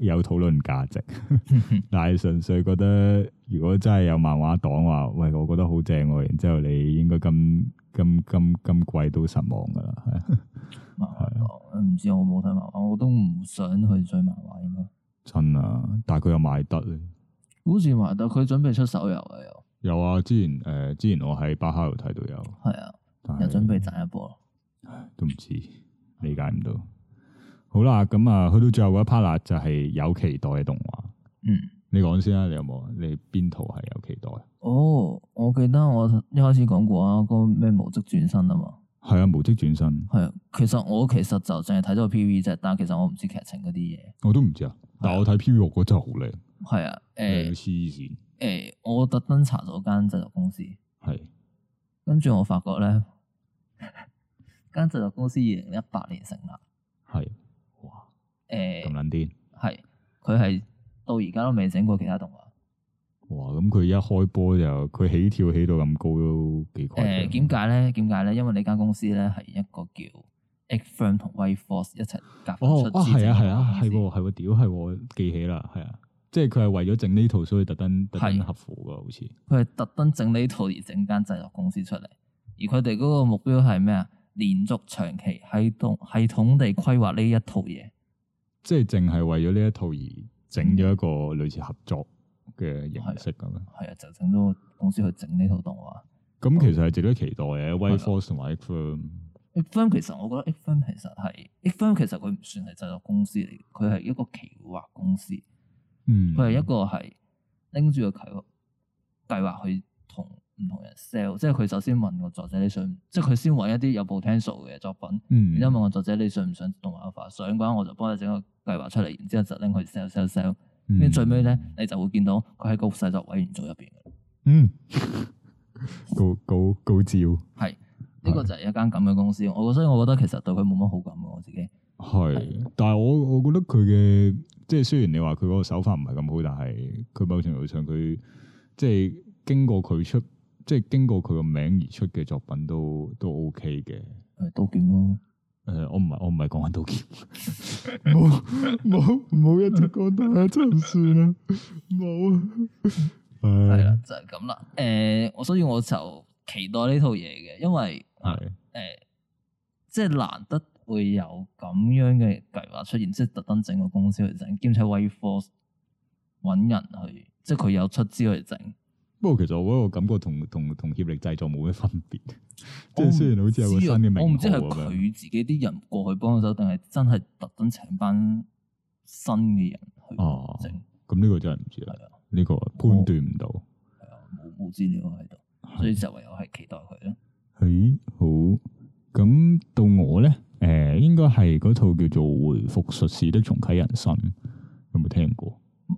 有討論價值， 但係純粹覺得如果真係有漫畫黨嘅話，喂，我覺得好正喎，然之後你應該咁咁咁咁貴都失望噶啦，係 啊，唔知我冇睇漫畫，我都唔想去追漫畫咁咯。真啊，但係佢又賣得咧，好似賣得，佢準備出手遊啊又。有啊，之前誒、呃，之前我喺巴哈度睇到有，係啊，是又準備賺一波，都唔知理解唔到。好啦，咁啊，去到最後嗰一 part 啦，就係、是、有期待嘅動畫。嗯，你講先啦、啊，你有冇？你邊套係有期待？哦，我記得我一開始講過啊，嗰個咩無職轉生啊嘛。係啊，無職轉生。係啊，其實我其實就淨係睇咗 PV 啫，但其實我唔知劇情嗰啲嘢。我都唔知啊，但我睇 PV、啊、我覺真係好靚。係啊，誒、欸，黐線、欸。誒、欸，我特登查咗間製作公司。係是。跟住我發覺咧，間 製作公司二零一八年成立。誒，咁撚癲，係佢係到而家都未整過其他動畫。哇！咁佢一開波，就佢起跳起到咁高都幾高誒，點解咧？點解咧？因為呢間公司咧，係一個叫 X Front 同 White Force 一齊夾出製作，哦，係、哦哦、啊，係啊，係喎、啊，係喎、啊，屌，係我記起啦，係啊，即係佢係為咗整呢套，所以特登特，特合夥嘅，好似佢係特登整呢套而整間製作公司出嚟，而佢哋嗰個目標係咩啊？連續長期系統系統地規劃呢一套嘢。即係淨係為咗呢一套而整咗一個類似合作嘅形式咁咯，係啊，就整咗個公司去整呢套動畫。咁其實係值得期待嘅。Wayforce 同埋 firm，firm 其實我覺得 firm 其實係 firm 其實佢唔算係製作公司嚟，佢係一個企劃公司。嗯，佢係一個係拎住個企劃計劃去。唔同人 sell，即係佢首先問個作者你想，即係佢先揾一啲有 potential 嘅作品，然之後問個作者你想唔想動畫化，化，想嘅話我就幫你整個計劃出嚟，然之後就拎佢 sell sell sell，跟住最尾咧你就會見到佢喺個製作委員組入邊。嗯，高高高招，係呢、這個就係一間咁嘅公司。我所以，我覺得其實對佢冇乜好感啊，我自己。係，但係我我覺得佢嘅即係雖然你話佢嗰個手法唔係咁好，但係佢某程度上佢即係經過佢出。即係經過佢個名而出嘅作品都都 OK 嘅，誒、嗯，刀劍咯，誒、呃，我唔係我唔係講緊刀劍，冇冇冇，一直講得啊，真唔算啦，冇啊，係啦，就係咁啦，誒、呃，我所以我就期待呢套嘢嘅，因為啊，誒、呃，即係難得會有咁樣嘅計劃出現，即係特登整個公司去整，兼且 White Fox 搵人去，即係佢有出資去整。不過其實我嗰個感覺同同同協力製作冇咩分別，即係雖然好似有個新嘅名，我唔知係佢自己啲人過去幫手，定係真係特登請班新嘅人去整？咁呢、啊就是、個真係唔知啦，呢的個判斷唔到，冇資料喺度，所以就唯有係期待佢啦。係好咁到我咧，誒、呃，應該係嗰套叫做《回復術士的重啟人生》，有冇聽過？誒、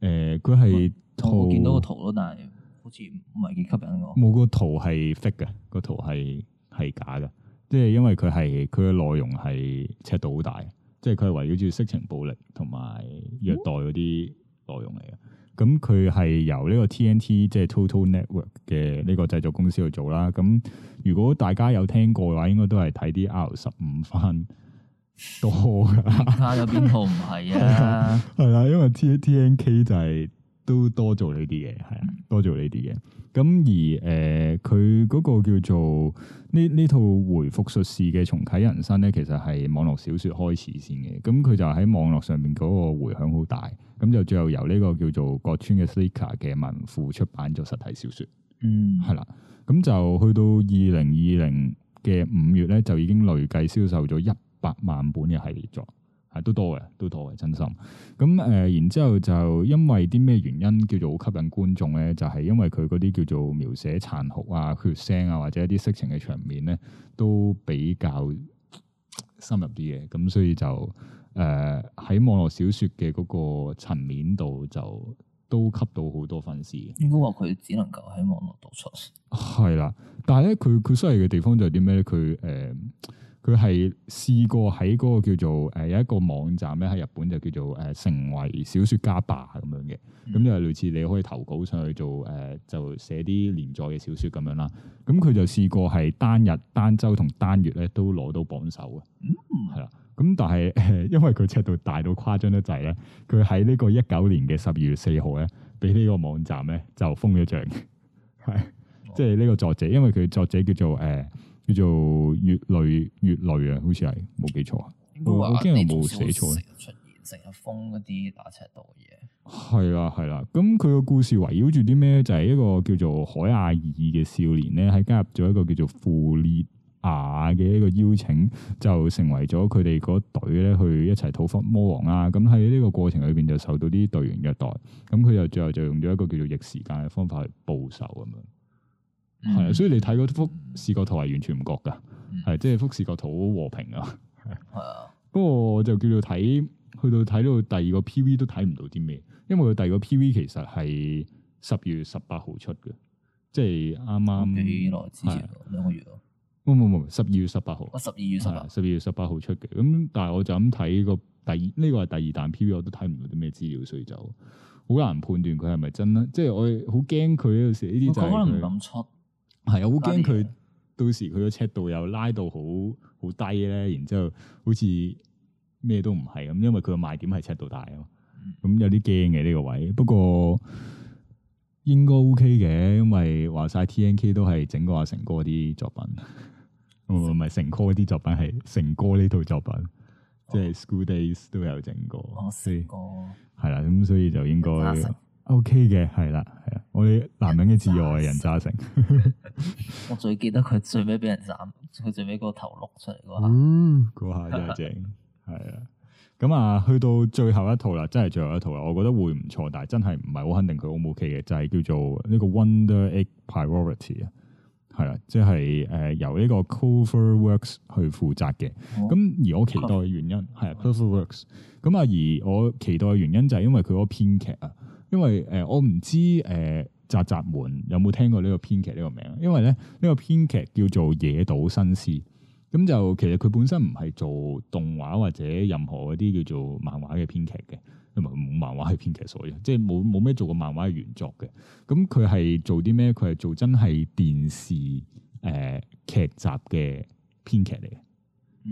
呃，佢係我見到個圖咯，但係。好似唔係幾吸引我。冇個圖係 fake 嘅，個圖係係假嘅，即係因為佢係佢嘅內容係尺度好大，即係佢係圍繞住色情暴力同埋虐待嗰啲內容嚟嘅。咁佢係由呢個 TNT 即係 Total Network 嘅呢個製作公司去做啦。咁如果大家有聽過嘅話，應該都係睇啲 R 十五番多㗎。有邊套唔係啊？係啦， 因為 TNT NK 就係、是。都多做呢啲嘢，係啊，多做呢啲嘢。咁而誒，佢、呃、嗰個叫做呢呢套回復術士嘅重啟人生咧，其實係網絡小說開始先嘅。咁佢就喺網絡上面嗰個迴響好大，咁就最後由呢個叫做角川嘅 s Sneaker 嘅文庫出版咗實體小說。嗯，係啦，咁就去到二零二零嘅五月咧，就已經累計銷售咗一百萬本嘅系列作。係都多嘅，都多嘅真心。咁誒、呃，然之後就因為啲咩原因叫做好吸引觀眾咧？就係、是、因為佢嗰啲叫做描寫殘酷啊、血腥啊，或者一啲色情嘅場面咧，都比較深入啲嘅。咁所以就誒喺、呃、網絡小說嘅嗰個層面度，就都吸到好多粉絲。應該話佢只能夠喺網絡讀出。係啦， 但係咧，佢佢衰嘅地方就係啲咩咧？佢誒。呃佢係試過喺嗰個叫做誒、呃、有一個網站咧喺日本就叫做誒、呃、成為小說家吧咁樣嘅，咁、嗯、就係類似你可以投稿上去做誒、呃、就寫啲連載嘅小說咁樣啦。咁佢就試過係單日、單周同單月咧都攞到榜首嘅，係啦、嗯。咁但係、呃、因為佢尺度大到誇張得滯咧，佢喺呢個一九年嘅十二月四號咧，俾呢個網站咧就封咗帳，係即係呢個作者，因為佢作者叫做誒。呃叫做越累越累啊，好似係冇記錯啊。說我驚我冇寫錯啊，成日封一啲打赤道嘢，係啦係啦。咁佢個故事圍繞住啲咩？就係、是、一個叫做海亞爾嘅少年咧，喺加入咗一個叫做富列亞嘅一個邀請，就成為咗佢哋嗰隊咧去一齊討伐魔王啦。咁喺呢個過程裏邊就受到啲隊員虐待。咁、嗯、佢就最後就用咗一個叫做逆時間嘅方法去報仇咁樣。啊係啊，嗯、所以你睇嗰幅視覺圖係完全唔覺噶，係，即係幅視覺圖好和平啊。係啊的。 不過我就叫你睇，去到睇到第二個 P V 都睇唔到啲咩，因為佢第二個 P V 其實係十二月十八號出嘅，即係啱啱幾耐之前兩個月咯。冇冇冇，十二月十八號，十二，哦、月十十二月十八號出嘅。咁但係我就咁睇，這個，這個，第二呢個係第二彈 P V，我都睇唔到啲咩資料，所以就好難判斷佢係咪真啦。即係我好驚佢有個時呢啲就可能唔敢出。係啊，好驚佢到時佢個尺度又拉到好好低咧，然之後好似咩都唔係咁，因為佢個賣點係尺度大啊嘛，咁有啲驚嘅呢個位。不過應該 OK 嘅，因為話晒 T N K 都係整過阿成哥啲作品，唔唔係成哥啲作品，係成哥呢套作品，哦、即係 School Days 都有整過，係啦，咁所以就應該。O K 嘅，係啦、okay，係啊，我哋男人嘅摯愛 人渣成， 我最記得佢最尾俾人斬，佢最尾個頭碌出嚟嗰下，嗰下、哦、真係正,正，係啊， 咁啊，去到最後一套啦，真係最後一套啦，我覺得會唔錯，但係真係唔係好肯定佢 O 唔 O K 嘅，就係、是、叫做呢個 Wonder Egg Priority 啊，係啦，即係誒由呢個 Cover Works 去負責嘅，咁、哦、而我期待嘅原因係 Cover Works，咁啊而我期待嘅原因就係因為佢嗰編劇啊。因為誒，我唔知誒，宅宅們有冇聽過呢個編劇呢個名？因為咧，呢、呢個編劇叫做野島伸司。咁就其實佢本身唔係做動畫或者任何嗰啲叫做漫畫嘅編劇嘅，因為冇漫畫係編劇所嘅，即係冇冇咩做過漫畫嘅原作嘅。咁佢係做啲咩？佢係做真係電視誒劇、呃、集嘅編劇嚟嘅。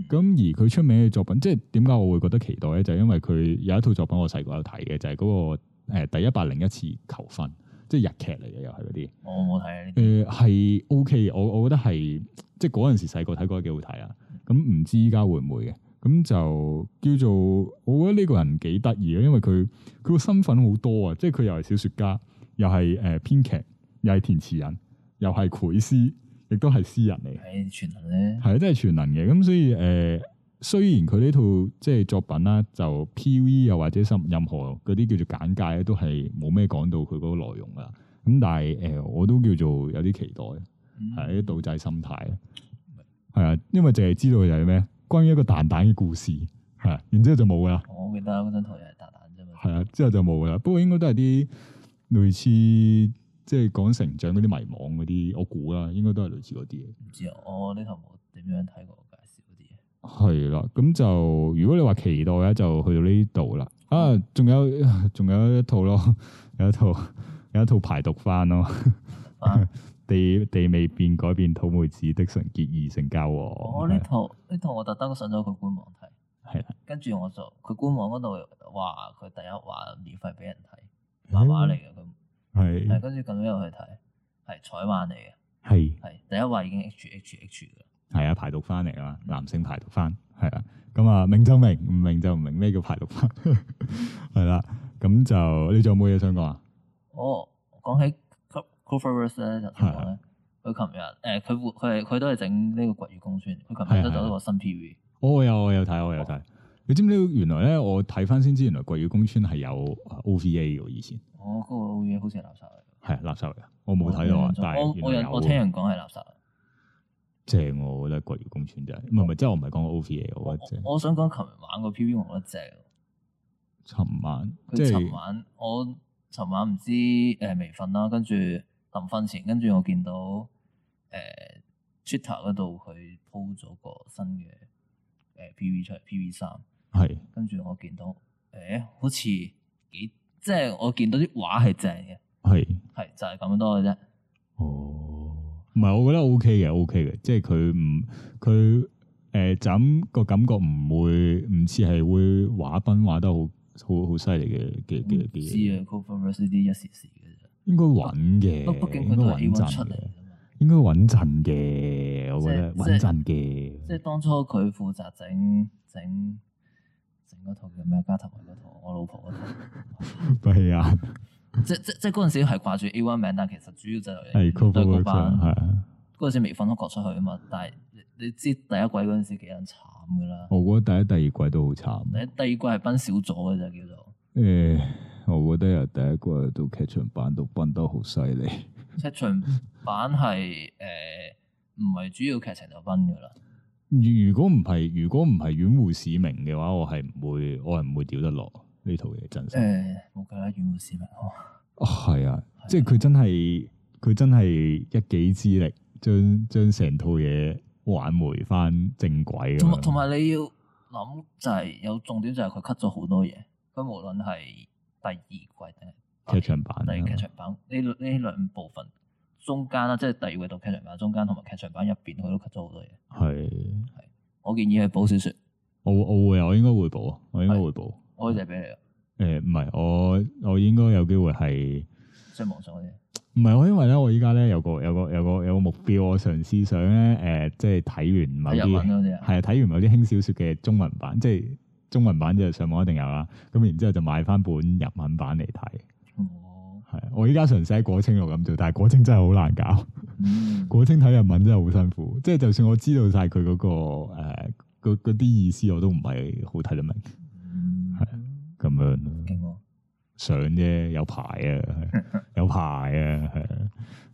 咁、嗯、而佢出名嘅作品，即係點解我會覺得期待咧？就係、因為佢有一套作品我細個有睇嘅，就係、是、嗰、嗰個。誒，第一百零一次求婚，即係日劇嚟嘅，又係嗰啲。我冇睇、這個。誒、呃，係 O K，我我覺得係，即係嗰陣時細個睇過幾好睇啊。咁、嗯、唔知依家會唔會嘅？咁就叫做，我覺得呢個人幾得意啊，因為佢佢個身份好多啊，即係佢又係小說家，又係誒編劇，又係填詞人，又係繪師，亦都係詩人嚟。係全能咧。係啊，真係全能嘅。咁所以誒。呃雖然佢呢套即係作品啦，就 P.V. 又或者任何嗰啲叫做簡介咧，都係冇咩講到佢嗰個內容噶咁但係誒、呃，我都叫做有啲期待，係一啲賭仔心態啦。係啊、嗯，因為淨係知道就係咩，關於一個蛋蛋嘅故事，係，然之後就冇㗎啦。我記得嗰張圖又係蛋蛋啫嘛。係啊，之後就冇㗎啦。不過應該都係啲類似即係講成長嗰啲迷惘嗰啲，我估啦，應該都係類似嗰啲嘅。唔知、哦、我呢套點樣睇過？係啦，咁就如果你話期待咧，就去到呢度啦。啊，仲有仲有一套咯，有一套有一套排毒番咯。地，地味變，改變土妹子的純潔異性交。我呢套呢套我特登上咗佢官網睇，係跟住我就佢官網嗰度話佢第一話免費俾人睇，漫畫嚟嘅佢係，跟住咁樣入去睇，係彩漫嚟嘅，係係第一話已經 H H H 嘅。係啊，排毒翻嚟啊，男性排毒翻，係啊，咁啊明就明，唔明就唔明咩叫排毒翻，係啦，咁就你仲有冇嘢想講啊？哦，講起 CloverWorks 咧就點講咧？佢琴日誒，佢佢佢都係整呢個《堀與宮村》，佢琴日都走咗個新 TV。我有我有睇，我有睇。你知唔知原來咧？我睇翻先知，原來《堀與宮村》係有 OVA 嘅以前。哦，嗰個 OVA 好似係垃圾嚟嘅。係垃圾嚟嘅。我冇睇到啊，但係我我我聽人講係垃圾。正，我覺得骨肉咁存真係，唔係唔係，即、就、係、是、我唔係講 O P 嘢，就是，我我想講琴日玩個 PV 我覺得正。尋晚，即係尋晚，就是，我尋晚唔知誒未瞓啦，跟住臨瞓前，跟住我見到誒、呃、Twitter 嗰度佢 po 咗個新嘅誒 PV 出嚟。PV 三，係跟住我見到誒、欸、好似幾，即係我見到啲畫係正嘅，係係是就係、是、咁多嘅啫。哦。唔係，我覺得 O K 嘅，O K 嘅，即係佢唔佢誒，就、呃、整個感覺唔會唔似係會畫崩畫得好好好犀利嘅嘅嘅嘅。知啊，Cooperverse 呢啲一時時嘅啫，應該穩嘅，畢竟佢都係穩陣嘅，A1 出嚟應該穩陣嘅，我覺得穩陣嘅。即係是當初佢負責整整整嗰套叫咩？加藤文嗰套，我老婆嗰套。唔係啊！即即即嗰陣時係掛住 A-1 名，但其實主要就係對嗰班，係嗰陣時未分開割出去啊嘛。但係你知第一季嗰陣時幾人慘噶啦？我覺得第一、第二季都好慘。第二季係分少咗嘅啫，叫做誒。我覺得由第一季到劇場版都崩得好犀利。劇場版係誒唔係主要劇情就崩噶啦。如果唔係，如果唔係院護市民嘅話，我係唔會，我係唔會屌得落。呢套嘢真係誒，冇計啦，原無是物哦。係、哦、啊，啊即係佢真係佢真係一己之力將將成套嘢挽回翻正軌咁啊！同埋你要諗就係、是、有重點就，就係佢 cut 咗好多嘢。佢無論係第二季定係劇、啊、劇場版，第二劇場版呢呢兩部分中間啦，即、就、係、是、第二季到劇場版中間，同埋劇場版入邊，佢都 cut 咗好多嘢。係係是，我建議係補小説。我我會啊，我應該會補啊，我應該會補。我應該會補。我就俾你啦。唔係、欸、我，我應該有機會係上網上嗰啲。唔係我，因為咧，我依家咧有個有個有個有個目標，我嘗試想咧誒、呃，即係睇完某啲，係啊，睇完某啲輕小說嘅中文版，即係中文版即係上網一定有啦。咁然之後就買翻本日文版嚟睇。哦、嗯，係啊，我依家嘗試喺《果青》度咁做，但係《果青》真係好難搞，嗯，《果青》睇日文真係好辛苦，即係就算我知道晒佢嗰個嗰啲、呃、意思，我都唔係好睇得明。咁樣、哦、上啫，有排啊， 有排啊，係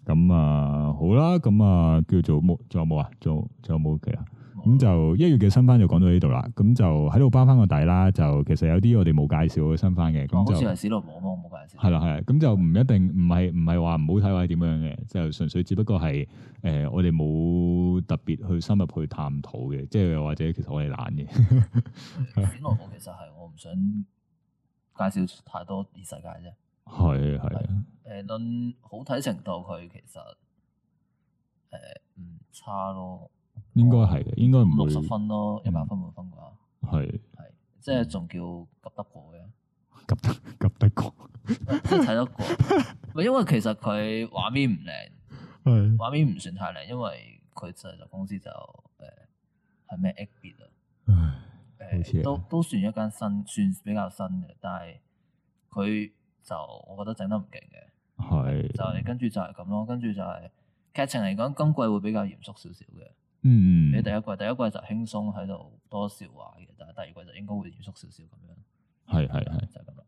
咁啊，好啦，咁、嗯、啊，叫做冇，仲有冇啊？仲仲有冇其他？咁、嗯、就一月嘅新番就講到呢度啦。咁就喺度包翻個底啦。就其實有啲我哋冇介紹嘅新番嘅，咁就係史萊姆咯，冇介紹。係啦係，咁、嗯嗯、就唔一定，唔係唔係話唔好睇或者點樣嘅，就純、是、粹只不過係誒，呃呃、我哋冇特別去深入去探討嘅，即係又或者其實我哋懶嘅。史萊姆其實係我唔想。 介紹太多異世界啫，係啊係啊。誒論好睇程度，佢其實誒唔、欸、差咯。應該係嘅，應該唔六十分咯，一百分滿分啩、啊。話。係係，即係仲叫急得過嘅、啊，急、嗯嗯、得急得過，睇得過。唔因為其實佢畫面唔靚，是的 畫面唔算太靚，因為佢製作公司就誒係咩 8bit 啊。 都都算一間新，算比較新嘅，但係佢就我覺得整得唔勁嘅，係是的 就係跟住就係咁咯。跟住就係、是、劇情嚟講，今季會比較嚴肅少少嘅。嗯嗯，比第一季第一季就輕鬆喺度多笑話嘅，但係第二季就應該會嚴肅少少咁樣。係係係，就係咁啦。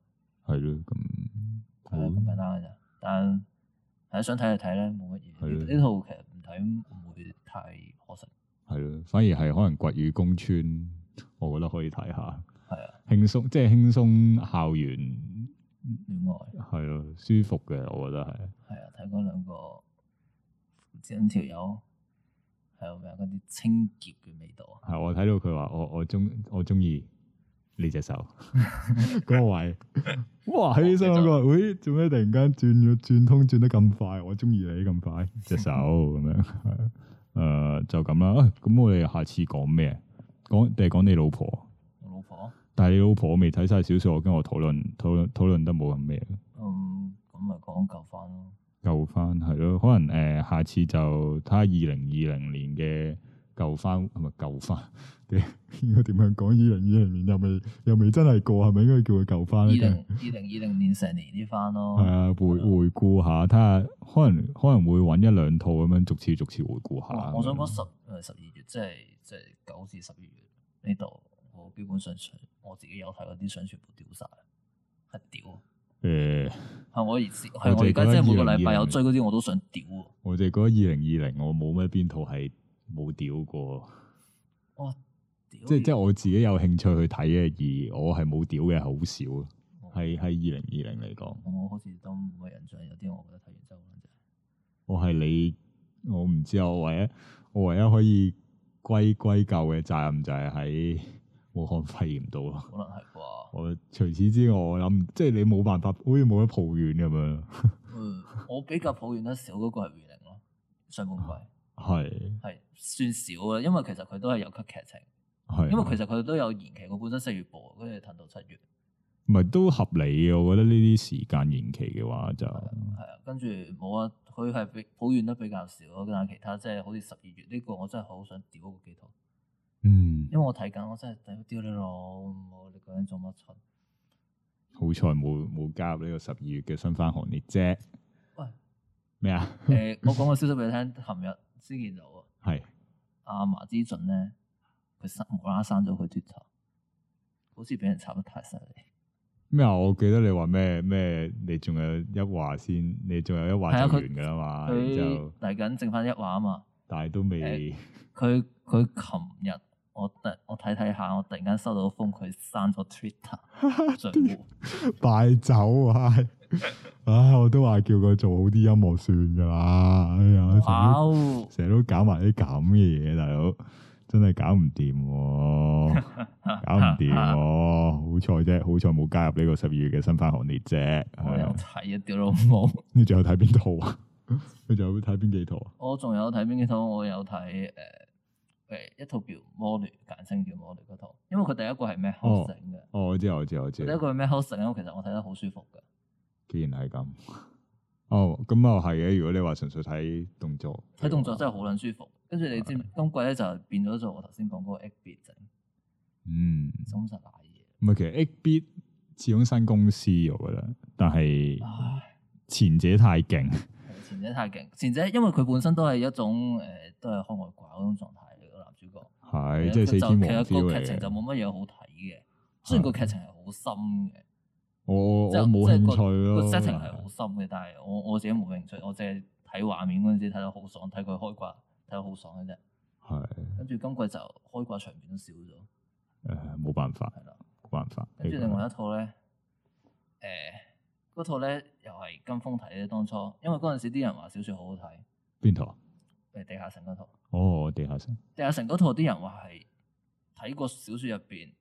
係咯，咁係唔簡單嘅啫。但係想睇就睇啦，冇乜嘢。呢是的 套劇唔睇唔會太可惜。係咯的，反而係可能堀與宮村。我覺得可以睇下，係啊，輕鬆即係輕鬆校園戀愛，係啊，舒服嘅，我覺得係。係啊，睇嗰兩個，即係條友，係咪嗰啲清潔嘅味道啊？係我睇到佢話，我我中我中意你隻手，嗰個 位，哇，起起身嗰個，咦、哎，做咩突然間轉咗轉通轉得咁快？我中意你咁快隻手咁樣，誒、啊，就咁啦，咁、啊、我哋下次講咩？講定係講你老婆，我老婆，但係你老婆未睇晒小，小我我、嗯、說，我跟我討論討論討論得冇咁咩嗯，咁咪講舊番咯，舊番係咯，可能誒、呃，下次就睇下二零二零年嘅。舊番係咪舊番？點 應該點樣講？二零二零年又未又未真係過，係咪應該叫佢舊番？二零二零二零年成年啲番咯。係 啊，回回顧下，睇下可能可能會揾一兩套咁樣，逐次逐次回顧下我。我想講十十二月，即係即係九至十二月呢度，我基本上上我自己有睇嗰啲想全部屌晒，係屌。誒、欸，係我而家即係每個禮拜有追嗰啲，我都想屌。我哋覺得二零二零，我冇咩邊套係。冇屌過，哦、即係即係我自己有興趣去睇嘅，而我係冇屌嘅，好少，喺係二零二零嚟講，我好似都冇乜印象，有啲我覺得睇完之後就係我係你，我唔知啊，我唯一我唯一可以歸歸咎嘅責任就係喺武漢肺炎度咯，可能係啩？我除此之外，我諗即係你冇辦法，好似冇得抱怨咁樣。 嗯，我比較抱怨得少嗰個係二零咯，上半季。 係係算少啦，因為其實佢都係有級劇情，係的因為其實佢都有延期，我本身四月播，跟住騰到七月，唔係都合理嘅。我覺得呢啲時間延期嘅話就係啊，跟住冇啊，佢係普遍得比較少咯，但係其他即係好似十二月呢、這個，我個、嗯我，我真係好想屌嗰幾台，嗯，因為我睇緊，我真係想屌你老母，你究竟做乜蠢？好彩冇冇加入呢個十二月嘅新番行列啫。喂，咩啊？誒，我講個消息畀你聽，琴 日。先見到啊，係阿麻之俊咧，佢無啦啦刪咗佢 Twitter，好似俾人插得太犀利。咩啊？我記得你話咩咩，你仲有一話先，你仲有一話就完噶啦嘛？佢嚟緊剩翻一話啊嘛。但係都未，佢佢琴日我我睇睇下，我突然間收到封佢刪咗 Twitter 賬戶，拜走啊！ 唉，我、 哎、都話叫佢做好啲音樂算噶啦。哎呀，成日都搞埋啲咁嘅嘢，大佬真係搞唔掂、哦， 搞唔掂、哦。 好彩啫，好彩冇加入呢個十二月嘅新番行列啫。我有睇、呃、一啲咯，冇。你仲有睇邊套啊？你仲有睇邊幾套啊？我仲有睇邊幾套？我有睇誒誒一套叫《魔力》，簡稱叫《魔力》嗰套。因為佢第一個係咩？哦，Madhouse 嘅。哦，我知，我知，我知。第一個係咩？哦，Madhouse。其實我睇得好舒服嘅。既然係咁，哦，咁又係嘅。如果你話純粹睇動作，睇動作真係好撚舒服。跟住的你知，冬季咧就變咗做我頭先講嗰個 X B 整。嗯，真實打嘢。唔係，其實 X B 始終新公司，我覺得，但係前者太勁，前者太勁，前者因為佢本身都係一種誒、呃，都係開外掛嗰種狀態嘅男主角。係的，呃、即係四天王就其實個劇情就冇乜嘢好睇嘅，雖然個劇情係好深嘅。我我冇興趣咯，setting 係好深嘅，但係我我自己冇興趣，我凈係睇畫面嗰陣時睇到好爽，睇佢開掛睇到好爽嘅啫。係。跟住今季就開掛場面都少咗。誒，冇辦法係啦，冇辦法。跟住另外一套咧，誒、啊，嗰套咧又係跟風睇嘅。當初因為嗰陣時啲人話小説好好睇。邊套啊？誒，地下城嗰套。哦，地下城。地下城嗰套啲人話係睇過小説入邊。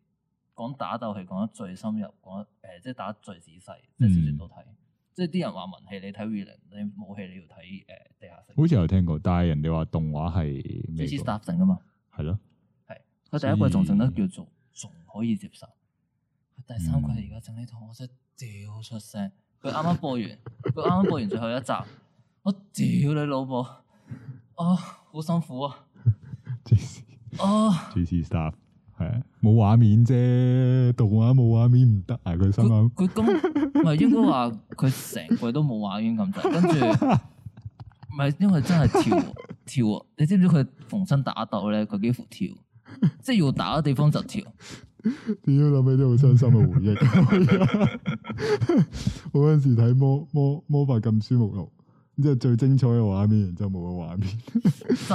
講打鬥係講得最深入，講得誒即係打得最仔細，即係少少都睇。即係啲人話文戲，你睇《Villain》，你武戲你要睇誒地下城。好似有聽過，但係人哋話動畫係。即係 staff 㗎嘛。係咯。係。佢第一季仲剩得叫做仲可以接受。第三季而家整呢套我真係屌出聲，佢啱啱播完，佢啱啱播完最後一集，我屌你老母，啊好辛苦啊！G C。哦。係啊，冇畫面啫，動畫冇畫面唔得啊！佢心口佢，咁唔係應該話佢成季都冇畫面咁滯，跟住唔係因為真係跳跳啊！你知唔知佢逢親打鬥咧，佢幾乎跳，即係要打嘅地方就跳。點 要諗起都好傷心嘅、啊、回憶？ 我嗰陣時睇魔魔魔法禁書目錄。即係最精彩嘅畫面，就冇個畫面，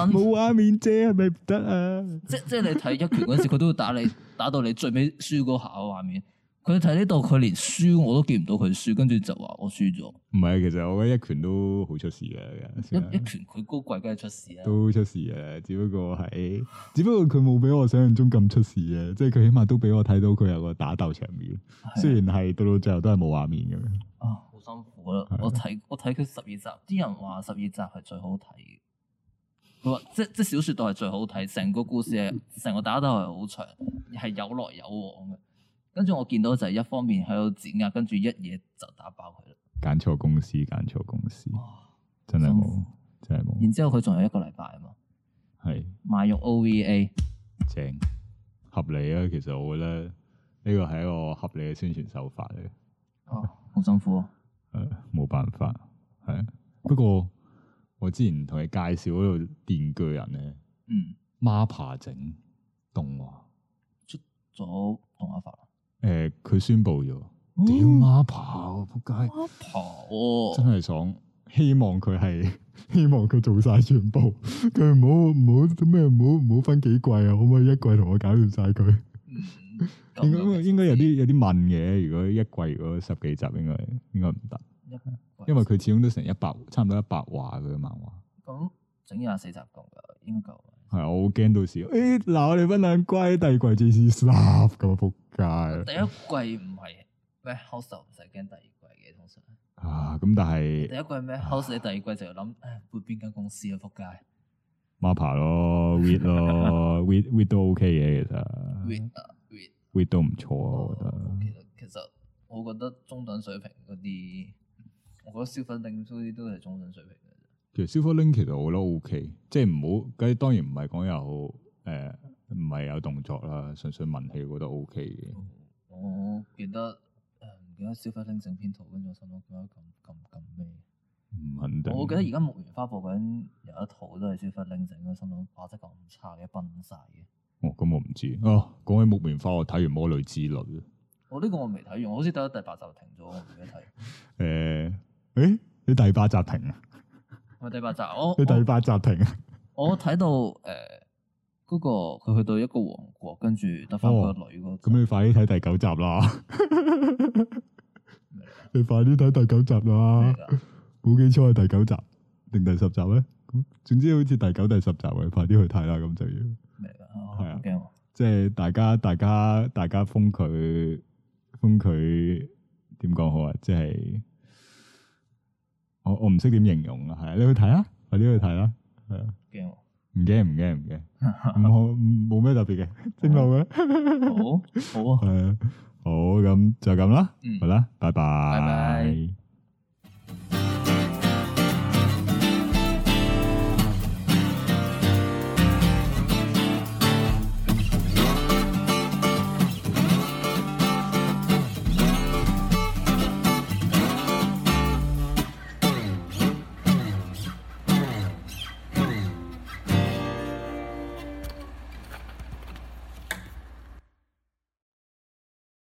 冇畫面啫，係咪唔得啊？即係即係你睇一拳嗰時，佢都會打你，打到你最尾輸嗰下嘅畫面。佢睇呢度，佢連輸我都見唔到佢輸，跟住就話我輸咗。唔係其實我覺得一拳都好出事嘅，一拳佢高貴梗係出事啦，都出事啊！只不過係，只不過佢冇俾我想象中咁出事啊！即係佢起碼都俾我睇到佢有個打鬥場面，雖然係到到最後都係冇畫面咁樣。哦。辛苦啦！我睇我睇佢十二集，啲人話十二集係最好睇，佢話即即小說都係最好睇，成個故事係成個打鬥係好長，係有來有往嘅。跟住我見到就係一方面喺度剪啊，跟住一嘢就打爆佢啦。揀錯公司，揀錯公司，啊、真係冇苦真係冇。然之後佢仲有一個禮拜嘛？係是賣肉 O V A，正合理啊！其實我覺得呢個係一個合理嘅宣傳手法嚟嘅。哦、啊，好 辛苦。啊。冇辦法，係。不過我之前同你介紹嗰個電鋸人咧，嗯，媽爬整動畫出咗動畫版。誒，佢、呃、宣布咗，屌、嗯、媽爬撲街，媽爬喎真係爽。希望佢係，希望佢做晒全部。佢唔好唔好咩？唔好唔好分幾季啊！可唔可以一季同我搞掂晒佢？嗯應該應該有啲有啲問嘅，如果一季嗰十幾集應該，應該應該唔得，因為佢始終都成一百，差唔多一百話嘅漫畫。咁整廿四集夠噶，應該夠。係、哎、我好驚到時，誒、哎，嗱，我哋分兩季，第二季至少十咁啊，仆街。第一季唔係咩 house，唔使驚，host，第二季嘅通常。啊，咁但係第一季咩 house，你第二季就諗誒，啊、會邊間公司啊，仆街。MAPPA 咯，Wit 咯，Wit Wit 都 OK 嘅，其實。 匯都唔錯啊！我覺得其實,其實我覺得中等水平嗰啲，我覺得 Silver Link 啲都係中等水平嘅啫。其實 Silver Link 其實我都 OK，即係唔好，梗當然唔係講有誒唔係有動作啦，純粹聞起我覺得 OK 嘅。我記得唔記得 Silver Link 整篇圖，跟住我心諗，覺得咁咁咁咩？唔肯定。我記得而家、呃、木棉花發布緊有一套都係 Silver Link 整，我心諗啊，即咁差嘅，崩晒嘅。哦，咁我唔知。哦，講起木棉花，我睇完《魔女之旅》啦。我呢個我未睇完，我好似睇到第八集停咗，我唔記得睇。誒、 欸，誒、欸，你第八集停啊？係第八集，哦， 你第八集停啊？我睇到誒，嗰、欸那個佢去到一個王國，跟住得返個女。咁、哦、你快啲睇第九集啦！ 你快啲睇第九集啦！冇記錯係第九集定第十集咧？咁總之好似第九、第十集嘅，快啲去睇啦！咁就要。係啊，即係大家，大家，大家封佢，封佢點講好啊？即係我我唔識點形容啊。係你去睇啦，快啲去睇啦。係啊，驚唔驚唔驚唔驚，我冇咩特別嘅，正路嘅。neur otic uh，好，好啊，好，咁就咁啦，好啦，拜拜。harvest